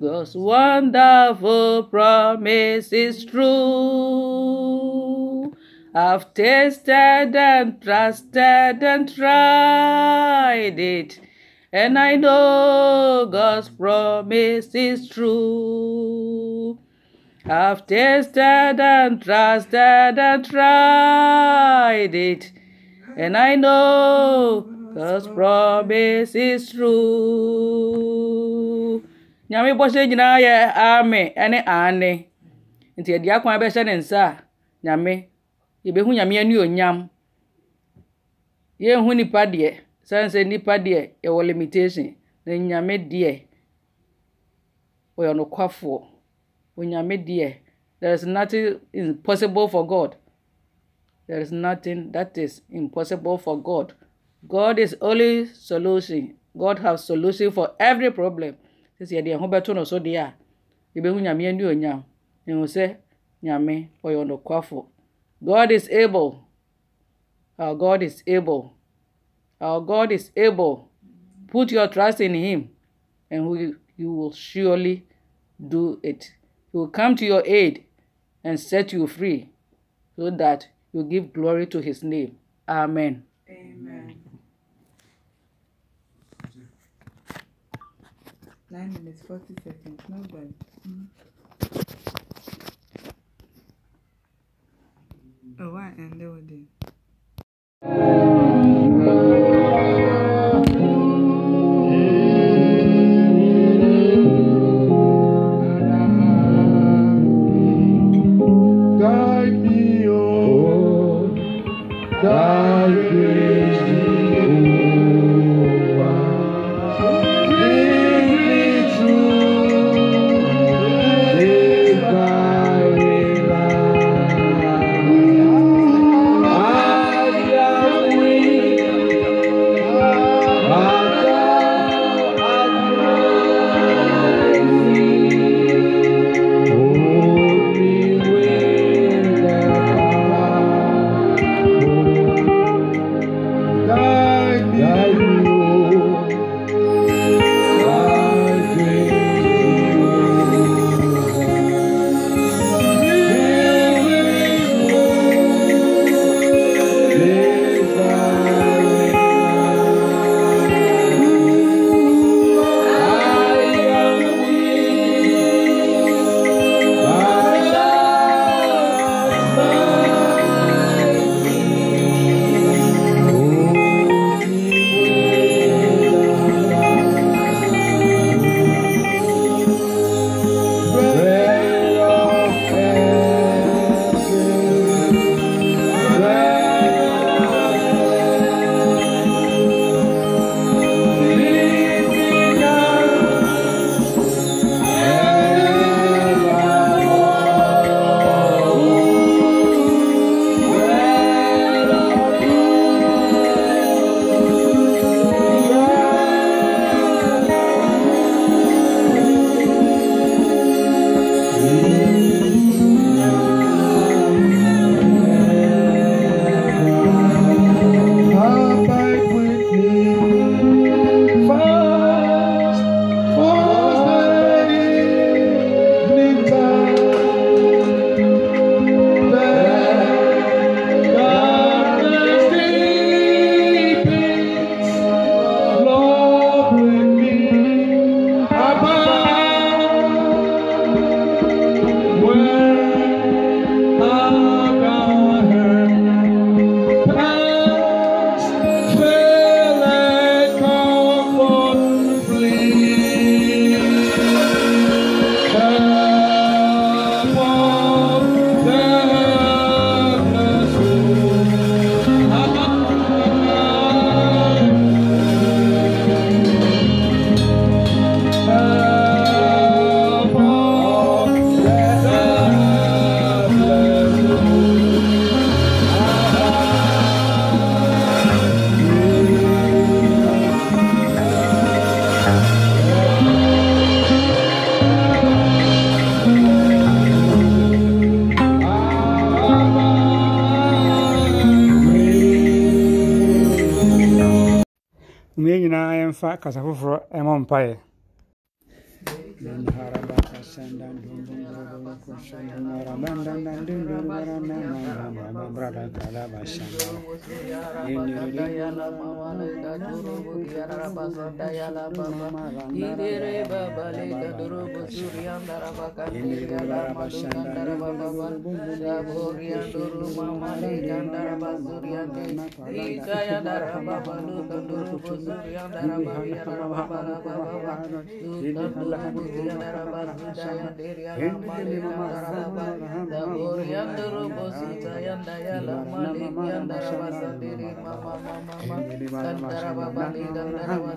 God's wonderful promise is true. I've tasted and trusted and tried it. And I know God's promise is true. I've tasted and trusted and tried it And I know God's promise is true. Nyame se nyinaa yɛ ame ne ane. Nti yɛde akwan bɛhyɛ ne nsa a nyame yɛbɛhu nyame ani onyam. Yɛnhu nipa deɛ sane sɛ nipa deɛ yɛwɔ limitation na nyame deɛ ɔyɛ ɔnokwafoɔ. Onyame deɛ there is nothing impossible for God. There is nothing that is impossible for God. God is only solution. God has solution for every problem. Sisi yɛ deɛ ho bɛto no so deɛ a, yɛbɛhu nyame ani onyam. Ehu sɛ nyame ɔyɛ ɔnokwafo. God is able. Our God is able. Our God is able. Put your trust in him and we, you will surely do it. He will come to your aid and set you free so that you give glory to his name. Amen. Amen. Nine minutes, 40 seconds. Not bad. Mm-hmm. Oh, I ended with it. Empire basanda yala baba idere baba le kaduru buzuriya ndara baka ndiriya dharma dukandara baba daburiya duru mama le kandara bazuriya te ikaya dara baba lu kaduru buzuriya ndara bariya dara baba la baba baba dukanduru buzuriya ndara bazuriya ndiriya dharma le kandara baba daburiya duru buzuriya ndaya lama le kandara bazuriya mama mama mama kandara baba le kandara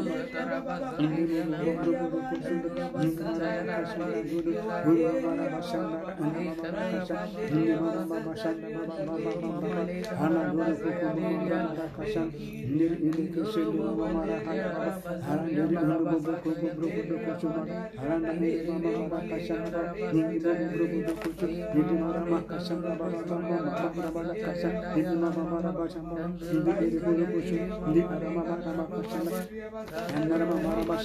Ram Hallelujah. Hallelujah.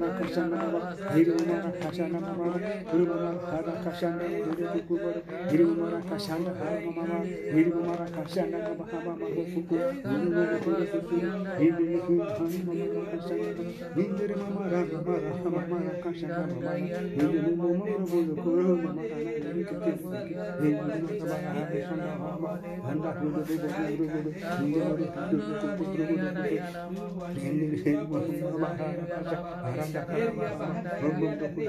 Hara Kasana Baba, Hirumara Kasana Baba, Hirumara Hara Kasana Baba, Hirumara Kasana Baba, Hirumara Kasana Baba, Hirumara Kasana Baba, Hirumara Kasana Baba, Hindere Mama Rama Mara Hama Mara Kasana Baba, Hindere Mama Mara Bolo Mama Kana Hindere Kasana Baba, Hindere Mama Mara Handa Bolo Bolo Bolo Bolo, Hindere Mama Mara Hara Kasana Baba, Hallelujah.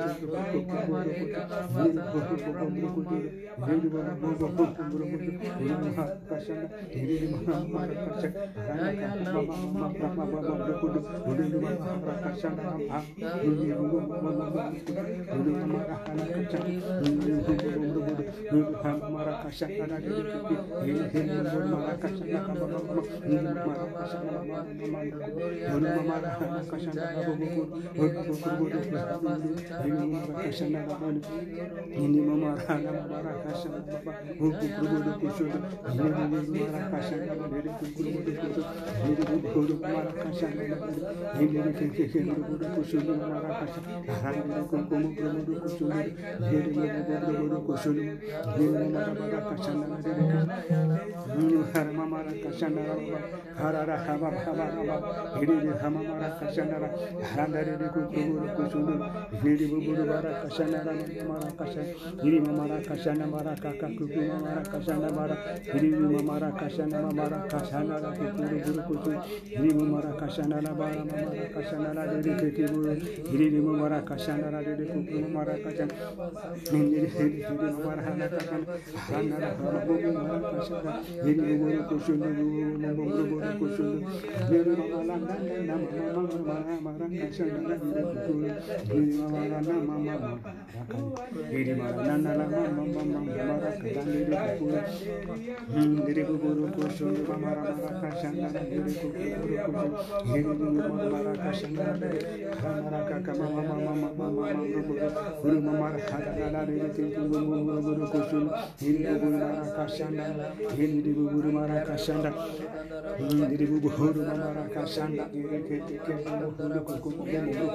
Hara hara hama hama hama, hiri hama hama hara kashanara, hara dari guru kusu guru niri guru bara kasana rama mara kasana niri mara kasana mara kaka kuku mara kasana mara niri mara kasana mara kasana rama guru guru kusu niri mara kasana rama mara kasana rama niri kiti guru niri mara kasana rama niri kuku mara kasana niri niri mara hana kasana hana rama guru mara kasana niri guru kusu guru guru guru kusu niri mara kasana rama mara kasana Hallelujah.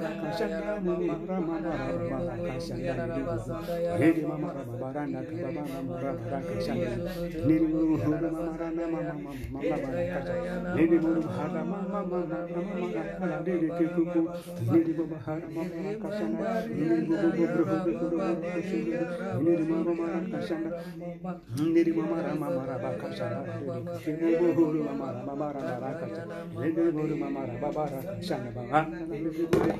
baraka mama rama baraka baraka mama rama baranda baba mama rama baraka shanda mama rana mama mama baraka shanda mama mama mama kala ridi kikuku mama baraka mama baraka shanda mama rama mama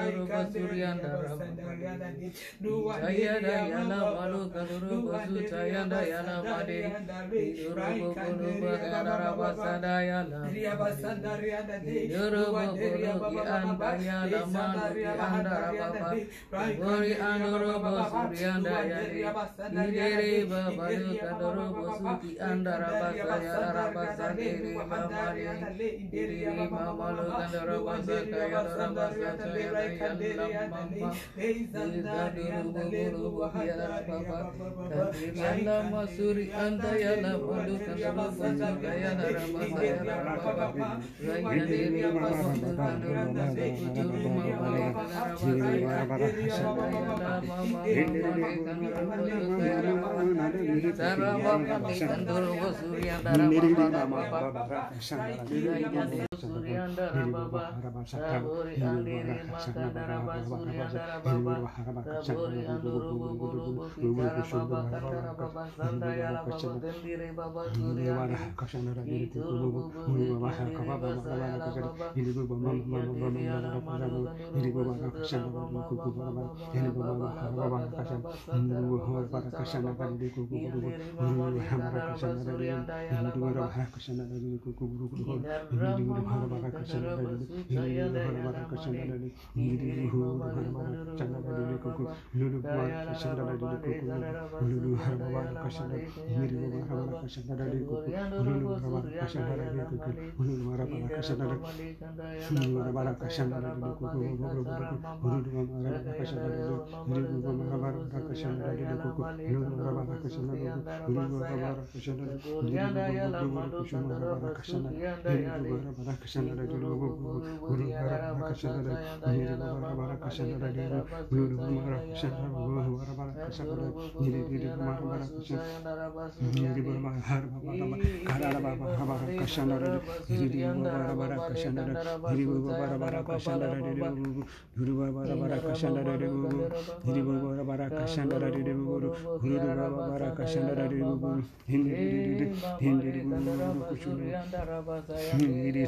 kalurupa suryanda ramapadi jayadayana malu kalurupa sucayandayana madi nidurupa kulupa kararapa sadayana nidurupa kuluki andayana maluki andarapapa Gori anurupa suryandayani nidiripa balu kalurupa suki andarapa sayarapa sadiri mamari Diri mamalu kandarapa sakayana darabasa sayarapa kadere adani leizanda yanda leru Suryanda Rababa Raburi Andiri Makanda Rabba Suryanda Rababa Raburi Anduru Bubu Rubu Fitara Baba Baba Baba Baba Baba Baba Baba Baba Baba Baba Baba Hara Bhara Krishna Dadini, Hinduru Hara Bhara Krishna Dadini, Hinduru Hara Bhara Krishna Dadini, Kuku, Lulu Bhara Krishna Dadini, Kuku, Lulu Hara Bhara Krishna Dadini, Hinduru Hara Bhara Krishna Dadini, Kuku, Lulu Hara Bhara Krishna Dadini, Kuku, Lulu Hara Bhara Krishna Dadini, Hinduru Hara Bhara Krishna Dadini, Kuku, Lulu Hara Bhara Krishna Dadini, Hinduru Hara Bhara Krishna Dadini, Kuku, Lulu Hara Bhara Krishna Dadini, Hinduru Hara Bhara Krishna Dadini, Hinduru Hara Bhara Krishna Dadini, Hinduru Krishna Guru Guru Hara Krishna Nire Guru Hara Krishna Guru Guru Hara Krishna Guru Hara Krishna Nire Nire Guru Hara Krishna Nire Guru Hara Baba Hara Baba Hara Krishna Nire Guru Hara Hara Krishna Nire Guru Hara Hara Krishna Nire Guru Hara Hara Krishna Nire Guru Hara Hara Krishna Nire Guru Hara Hara Krishna Nire Guru Hindi Hindi Hindi Hindi Hindi Hindi Hindi Hindi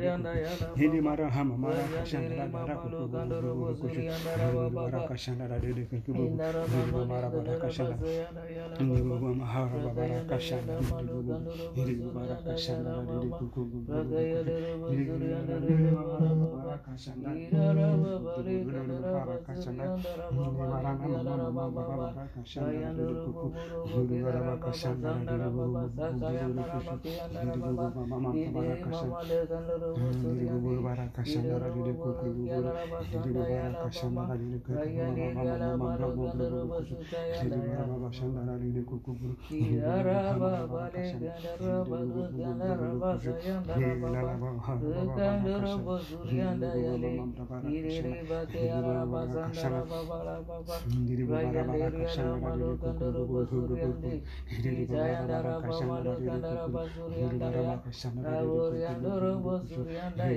Hindi mara hama mara kashan da da da ku ku ku ku ku mara kashan da da da da ku ku ku mara bara kashan da hindi ku ku mara bara kashan da da ku ku hindi ku mara kashan da da da ku ku ku hindi ku mara kashan da da da ku ku hindi ku mara kashan da hindi mara hama mara bara kashan da da da ku ku hindi mara kashan da da da ku ku hindi ku mara kashan da da da ku ku hindi ku mara kashan da da da ku ku Hidupnya Kasandra,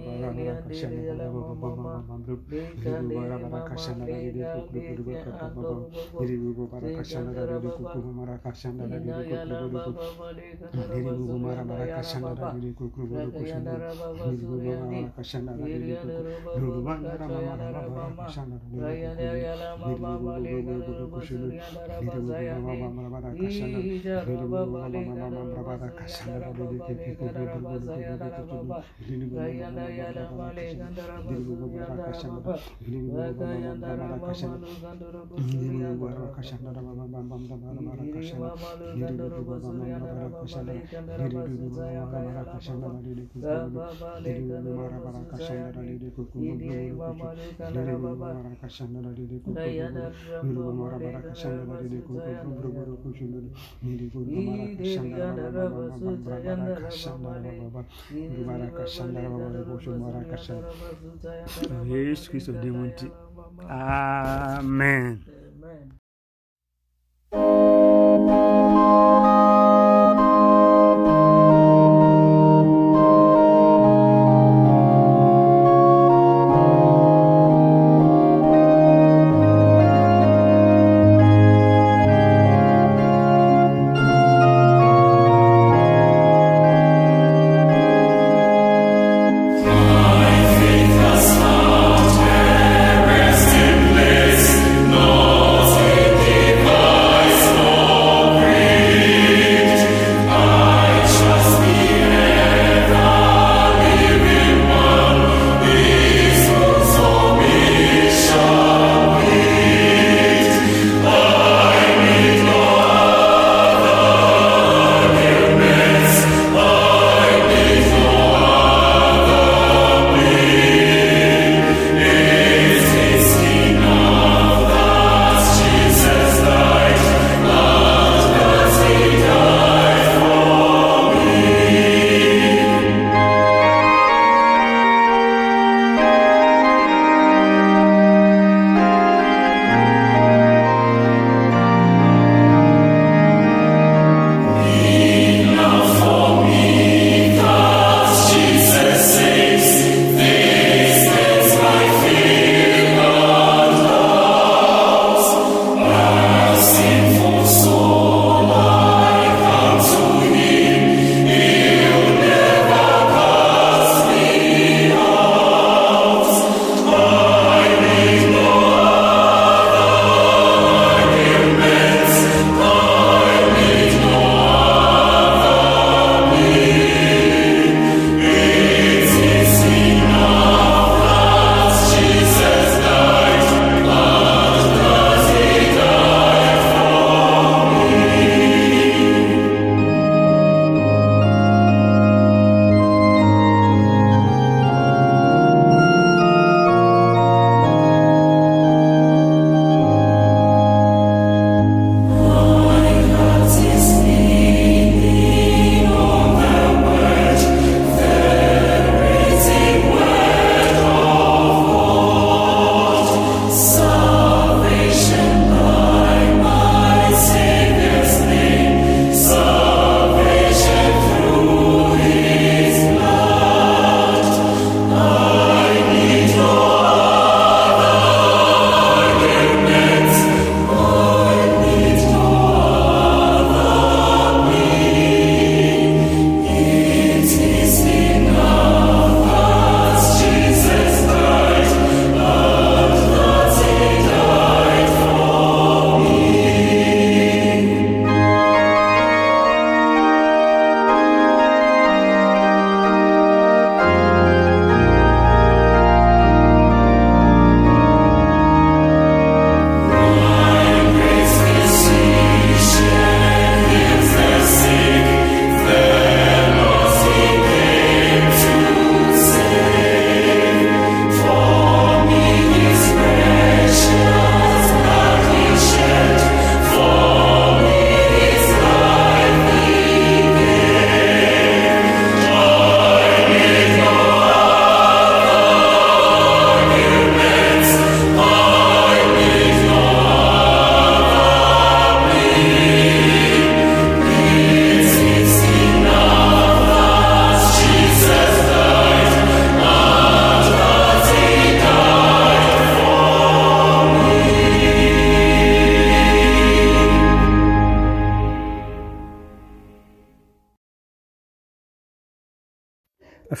Iya, Kasih Shandara Baba, Guru Baraka Shandara Baba, shomora akashaya yesu kristu ndimuti amen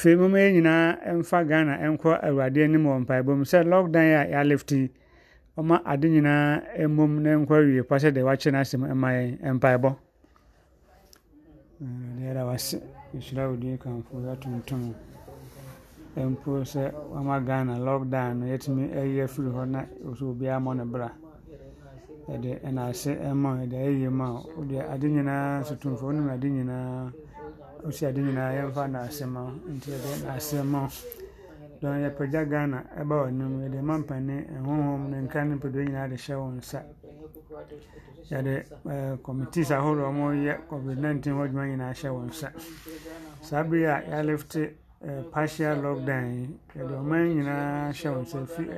afei moma yɛn nyinaa mfa ghana nkɔ awurade anim wɔ mpaebɔ sɛ lockdown a yɛalefte yi ɔma ade nyinaa mmom na nkɔ awie pa sɛ deɛ ma yɛn mpaebɔ deɛda wase kamfo na obiaa mmɔ no bra ɛde nso ade nyinaa yɛmfa n'asɛm a nti yɛde n'asɛm a dɔn yɛpagya ghana ɛba wɔ anim yɛde ma mpani ɛhohom ne nka ne mpɛdoɔ nyinaa de hyɛ wɔn nsa yɛde ɛɛ committees ahodoɔ a wɔyɛ covid nineteen hɔ adwuma nyinaa hyɛ wɔn nsa saa bere a yɛalifte eh, ɛɛ partial lockdown yi yɛde ɔman nyinaa hyɛ wɔn nsa fi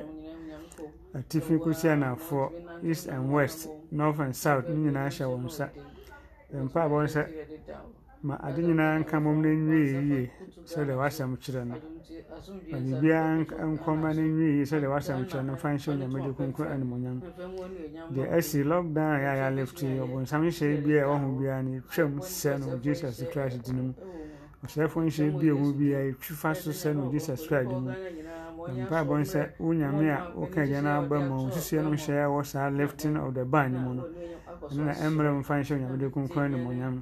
atifi eh, kosi anafoɔ east and west north and south ne nyinaa hyɛ wɔn nsa yɛn mpaabɔ nsa ma ade nyinaa nka mmom no nwie yie sɛdeɛ wasɛm kyerɛ no ma biribiaa nkɔma no nwie yie sɛdeɛ wasɛm kyerɛ no mfa nhyɛ onyame de kunkun animonyam deɛ asi lockdown yɛ ayɛ lifte ɔbonsam nhyɛe bia ɛwɔ ho biara no yɛtwam sɛ no jesus christ din mu ɔsɛfo nhyɛ bi ɛwɔ biara yɛtwi fa so sɛ no jesus christ din mu mpaebɔ sɛ wo nyame a woka agya no aba ma wo susuɛ no hyɛ ɛwɔ saa lifting of the ban no mu no ɛno na ɛmmerɛ mfa nhyɛ onyame de kunkun animonyam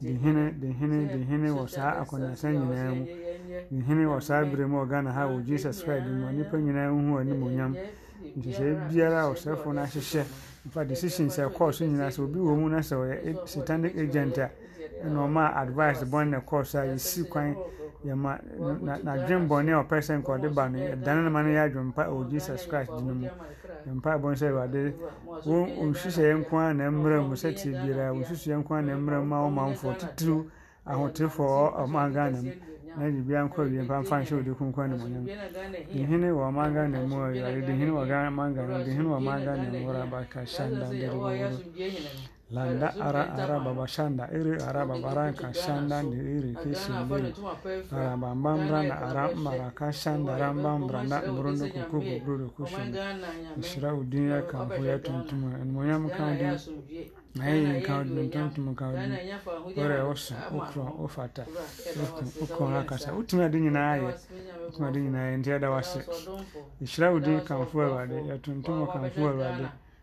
ne hene de hene de hene wɔ saa akɔnasa nyinaa mu ne hene wɔ saa bere mu ɔga ha wɔ jesus christ mu nnipa nyinaa hu anim onyam nti biara ɔsɛfo no ahyehyɛ decision sɛ kɔɔ nyinaa sɛ obi wɔ mu na ɔyɛ eh, satanic agent a ɛna ɔma advice bɔn ne kɔɔ so a yɛsi kwan yɛma nadwen bɔne a ɔpɛ sɛ nkɔde ba no yɛdane no ma no yɛ adwene pa jesus christ dino mu mpaebɔ nhyɛ awurade wo nhyehyɛeɛ nko a na mmerɛ mu sɛteɛ biara nko a na mmerɛ ma wo manfo titiriw ahotefoɔ ɔman ghana mu na biribiara nkɔ awie mpa mfa nhyɛ wode kunkwa ne munyam de wɔ ɔman ghana mu wɔ ɔman ghana mu wɔ ɔman ghana mu landa ara ara baba shanda iri ara baba arababaranka shanda ni iri ara kishindiri arabambambrana aramaraka shanda rambambrana burundi kukugu burundi kushinda ishira udinya ya kampuya tuntuma enmonyam kandi nayeyin kandi tuntumu kandi ore osu ukro ofata ukona kasa utumya dinyi naye utumya dinyi naye ndiada wase ishira udinya ya kamfuwa wade yatuntuma kamfuwa wade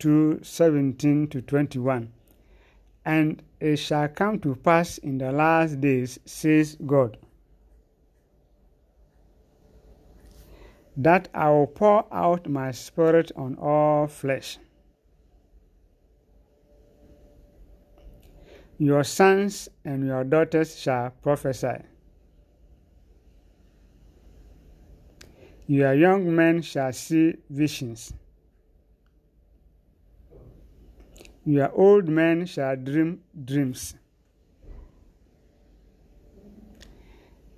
2 17 to 21. And it shall come to pass in the last days, says God, that I will pour out my spirit on all flesh. Your sons and your daughters shall prophesy. Your young men shall see visions Your old men shall dream dreams.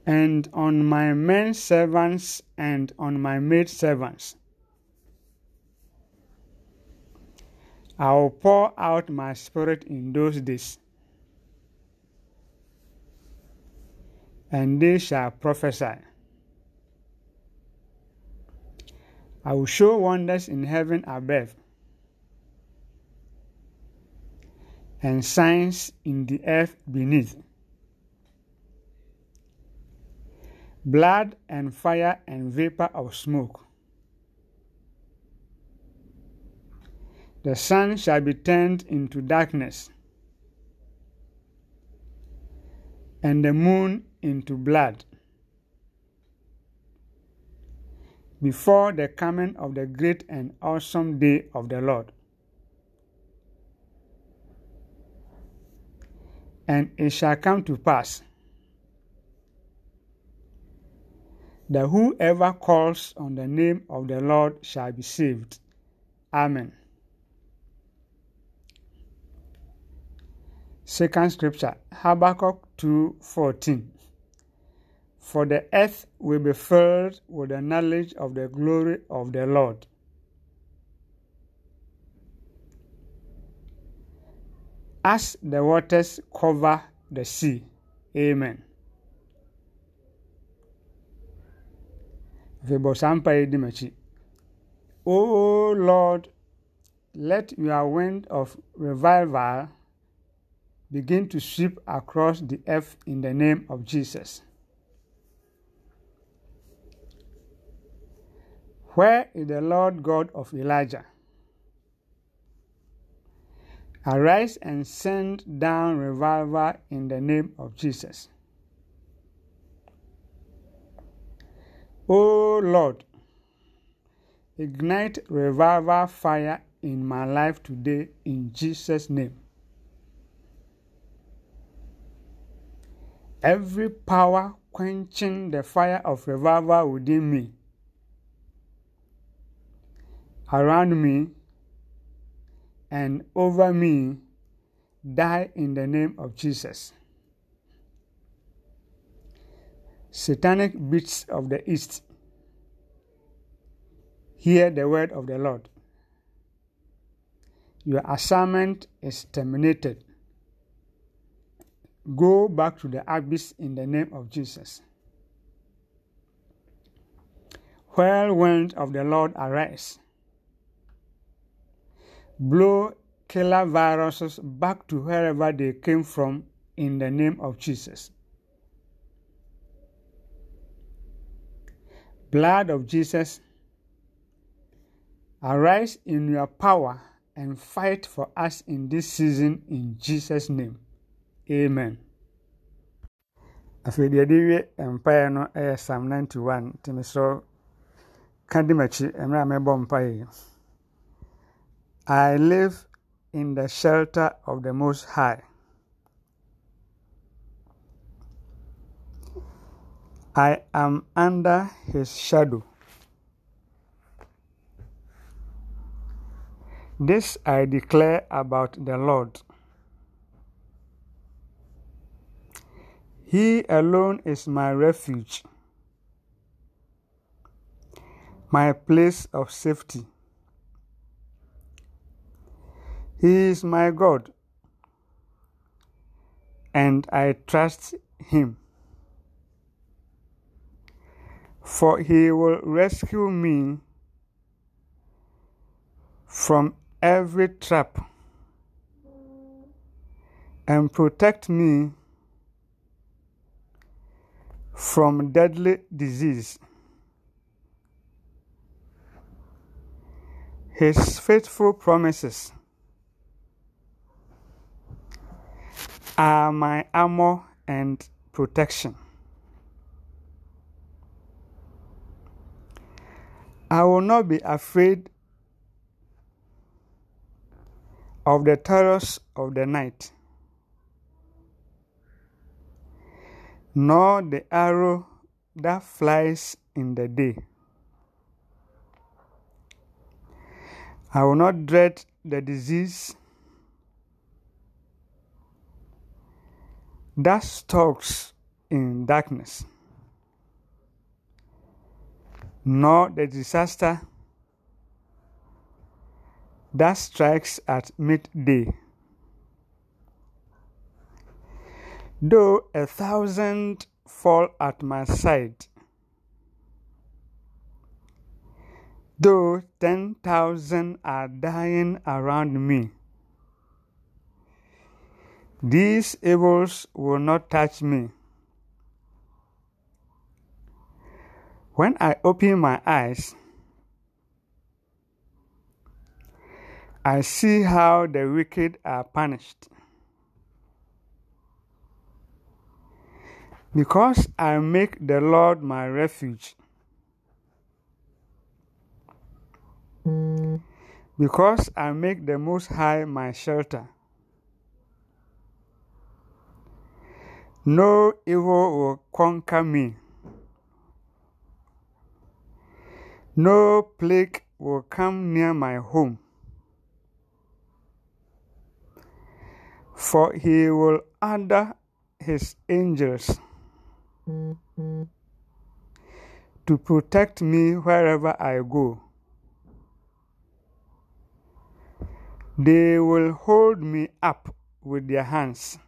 And on my men servants and on my maid servants. I will pour out my spirit in those days, and they shall prophesy. I will show wonders in heaven above and shines in the earth beneath. Blood and fire and vapor of smoke. The sun shall be turned into darkness, and the moon into blood, before the coming of the great and awesome day of the Lord. and it shall come to pass that whoever calls on the name of the Lord shall be saved. Amen. Second scripture Habakkuk 2:14 For the earth will be filled with the knowledge of the glory of the Lord as the waters cover the sea. Amen. O Lord, let your wind of revival begin to sweep across the earth in the name of Jesus. Where is the Lord God of Elijah? Arise and send down revival in the name of Jesus. O Lord, ignite revival fire in my life today in Jesus' name. Every power quenching the fire of revival within me, around me, and over me, die in the name of Jesus. Satanic beasts of the east, hear the word of the Lord. Your assignment is terminated. Go back to the abyss in the name of Jesus. Whirlwind of the Lord arise blow killer viruses back to wherever they came from in the name of Jesus. Blood of Jesus, arise in your power and fight for us in this season in Jesus' name. Amen. afei deɛ de wie mpaeɛ no yɛ psalm 91 nti mesrɛ ka di m'akyi mmerɛ a mɛbɔ mpaeɛ I live in the shelter of the Most High. I am under his shadow. This I declare about the Lord. He alone is my refuge, my place of safety. He is my God, and I trust Him. For He will rescue me from every trap and protect me from deadly disease. His faithful promises are my armor and protection. I will not be afraid of the terrors of the night, nor the arrow that flies in the day. I will not dread the disease that stalks in darkness, nor the disaster that strikes at midday. Though a thousand fall at my side, though ten thousand are dying around me. These evils will not touch me. When I open my eyes, I see how the wicked are punished. Because I make the Lord my refuge. Because I make the Most High my shelter. No evil will conquer me. No plague will come near my home. For he will order his angels to protect me wherever I go. They will hold me up with their hands.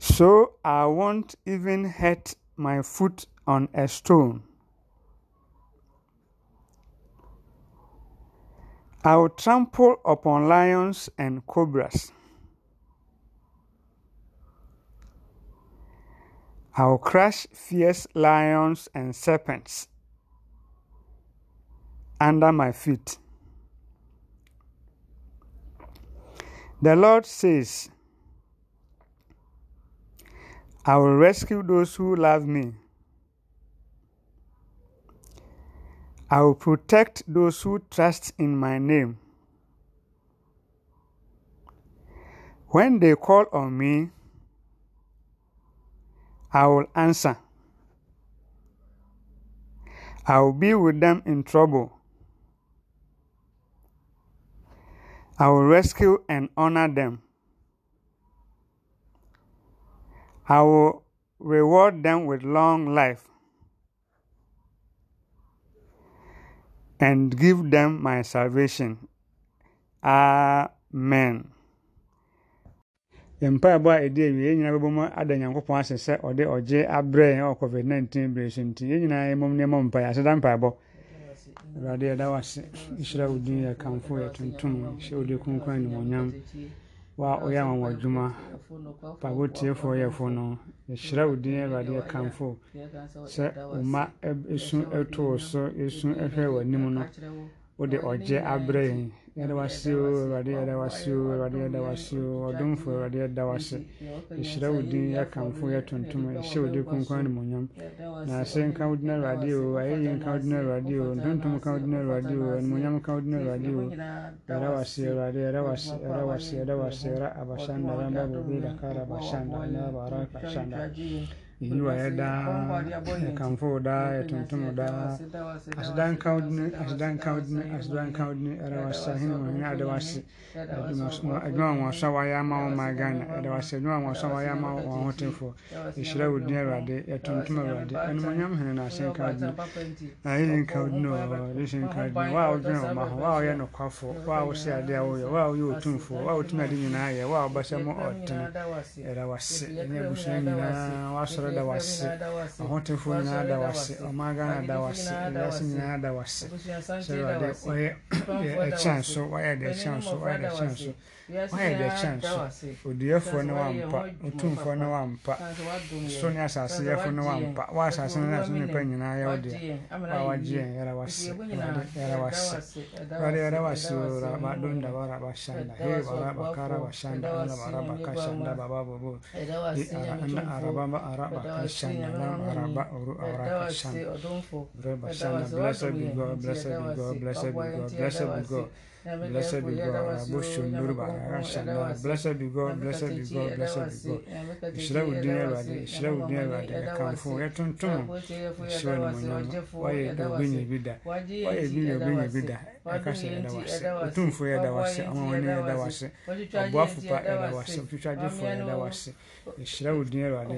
so I won't even hurt my foot on a stone. I will trample upon lions and cobras. I will crush fierce lions and serpents under my feet. The Lord says, I will rescue those who love me. I will protect those who trust in my name. When they call on me, I will answer. I will be with them in trouble. I will rescue and honor them. I will reward them with long life and give them my salvation. Amen. mpaebɔ a ɛdi awie yɛn nyinaa bɛbɔ mu ada nyankopɔn ase sɛ ɔde ɔgye abrɛ yɛn wɔ covid nineteen bere so nti yɛn nyinaa yɛmɔm nneɛma mpaeɛ aseda mpaebɔ awurade yɛda wo ase nhyira wo din yɛ kamfo yɛ tuntum hyɛ wode konkran nimonyam wa ɔyɛ anwanwadwuma pago tiefoɔ yɛfo no yɛhyira wo din awurade yɛkamfo sɛ ɔma ɛsu e, ɛtoo so ɛsu ɛhwɛ w'anim no wode ɔgye abrɛ yɛn yɛdawase o awurade yɛdawase o awurade yɛdawase o ɔdomfo awurade yɛdawase ɛhyira wo din yɛakamfo yɛtontom ɛhyɛ wo din konkwan ne monyam na nka wo awurade o ayɛyi nka wo awurade o ntontom ka wo awurade o animonyam ka wo awurade o yɛdawase awurade yɛdawase yɛdawase yɛdawase ra abasanda ramba bobe dakara abasanda yiyilwayo da kanfoo da yatumtumo da asdan kawdini asdan kawdini asdan kawdini ɛrɛwasa hene wɔhene adawase adwuma wɔnsa wayama wɔ ma ghana adawase adwuma wɔnsa wayama wɔn ahotemfoɔ ɛhyira wo din awurade yɛtumtum awurade ɛnomonyam hene na asen na yɛyin wɔ resin wo a wodwene wɔ ma ho wo a woyɛ nokwafo wo a wosɛ ade a woyɛ wo a woyɛ otumfoɔ wo a wotumi ade nyinaa yɛ wo a wobɛsɛ mo ɔtene ɛrɛwase ɛne abusua nyinaa woasɔre da wase ahotefoɔ nyinaa da wase ɔman ghana da wase wiase nyinaa da wase sɛ awurade ɔyɛ ɛkyɛn so ɔyɛ ɛdɛ ɛkyɛn so ɔyɛ ɛdɛ ɛkyɛn so wayɛ deɛ kyɛn so odiɛfoɔ ne wampa otumfoɔ ne wampa so ne asase yɛfo ne wampa waasase no naso nipa nyinaa yɛwo deɛ wawagyeɛ yɛra wase yɛra wase wade yɛra wase ora badonda wara bashanda he wara bakara bashanda ala wara bakashanda baba bobo ana araba ba araba kashanda na araba oru awara kashanda bre bashanda blessed be God blessed be God blessed be God blessed be God Blessed be God. Blessed be God. Blessed be God. Blessed be God. Ìṣẹ́lẹ̀ wò dín ẹ̀rọ adé. Ìṣẹ́lẹ̀ wò dín ẹ̀rọ adé. Ẹ̀ka fún ẹ̀ tuntun. Ìṣẹ́lẹ̀ wò ní ọ̀nà. Wáyé ẹ̀dá ògbéyìn ibi dà. Wáyé ẹ̀dá ògbéyìn ibi dà. Ẹ̀ka ṣe ẹ̀dá wá sí. Òtúnfò ẹ̀dá wá sí. Àwọn ọ̀nà ẹ̀dá wá sí. Ọ̀bọ̀ àfùpá ẹ̀dá wá sí. Òtútù àjẹfọ̀ ẹ̀dá wá sí. Ìṣẹ́lẹ̀ wò dín ẹ̀rọ adé.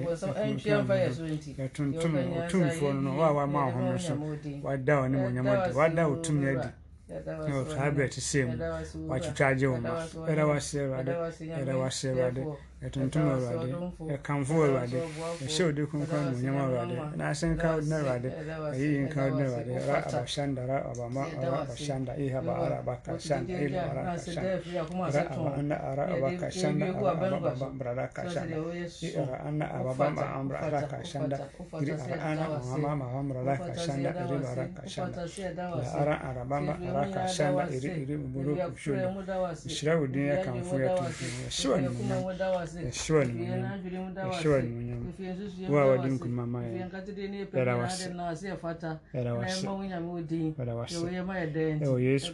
Ẹ̀ tuntun. Òtúnfò ọ̀nà wà wá máa hàn mí sọ. Wá dá ọ̀ ní mọ̀ nyẹ́mọ̀ dì. Wá dá òtún yẹn dì. saa berɛ te sɛ mu wakyetwa agye wo ma yɛda wase awurade yɛda wase awurade yɛtontom awurade yɛkamfo awurade yɛhyɛ odi kronkron anuonyam awurade nanse wodina awurade ayiyi nka wodina awurade ra abashanda ra abama ra abashanda iha ba ara abakashanda ila ara kashanda ra abanda ara abakashanda ababa brada kashanda ira anna ababa ma amra ara kashanda iri ara anna mama ma amra ara kashanda iri ara kashanda la ara araba ara kashanda iri iri buru kushuda shira udin yakamfo yatumfo shiwa ni mwana essuwani munyama waawadde mu kumama ewo yesu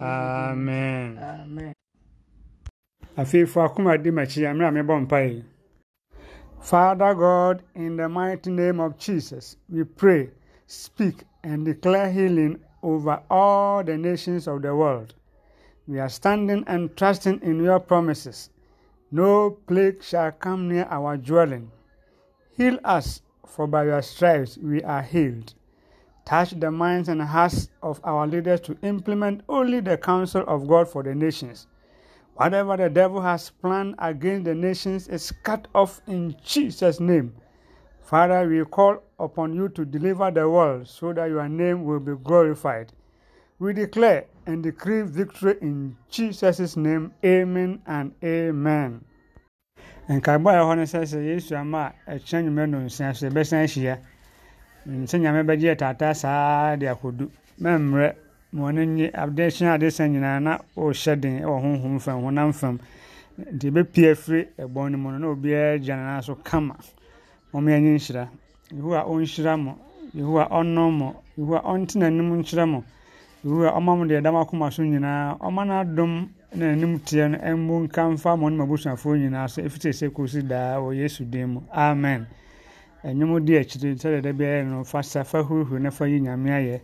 amen Father God, in the mighty name of Jesus, we pray, speak, and declare healing over all the nations of the world. We are standing and trusting in your promises no plague shall come near our dwelling. Heal us, for by your stripes we are healed. Touch the minds and hearts of our leaders to implement only the counsel of God for the nations. Whatever the devil has planned against the nations is cut off in Jesus' name. Father, we call upon you to deliver the world so that your name will be glorified. We declare and decree victory in Jesus' name. Amen and amen. nkaebɔ a ɛhɔ no sɛ sɛ yesu ama a ɛkyerɛ nnwuma no nsia so yɛbɛsan ahyia nsɛ nyame bɛgye yɛ taataa saa de akɔdu mammerɛ ma ɔno nye adehyɛ ade sɛ nyinaa na ɔrehyɛ den wɔ honhom fam honam fam nti ɛbɛpie afiri ɛbɔn no mu no na obiara gya nana so kama ɔmo yɛnye nhyira yehowa ɔnhyira mo yehowa ɔnnɔm mo yehowa ɔnte n'anim nkyerɛ mo wura ɔma mu deɛ dama akoma so nyinaa ɔma no adom na anim teɛ no ɛmmu nka mfa ma no mabusuafoɔ nyinaa so ɛfiri sɛ kɔsi daa wɔ yesu din mu amen ɛnwom di akyiri sɛdeɛ da biara no fa sa fa huruhuru na fa yi nyame ayɛ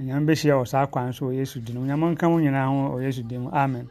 nyame bɛhyia wɔ saa kwan so wɔ yesu din mu nyame nka mo nyinaa ho wɔ yesu din mu amen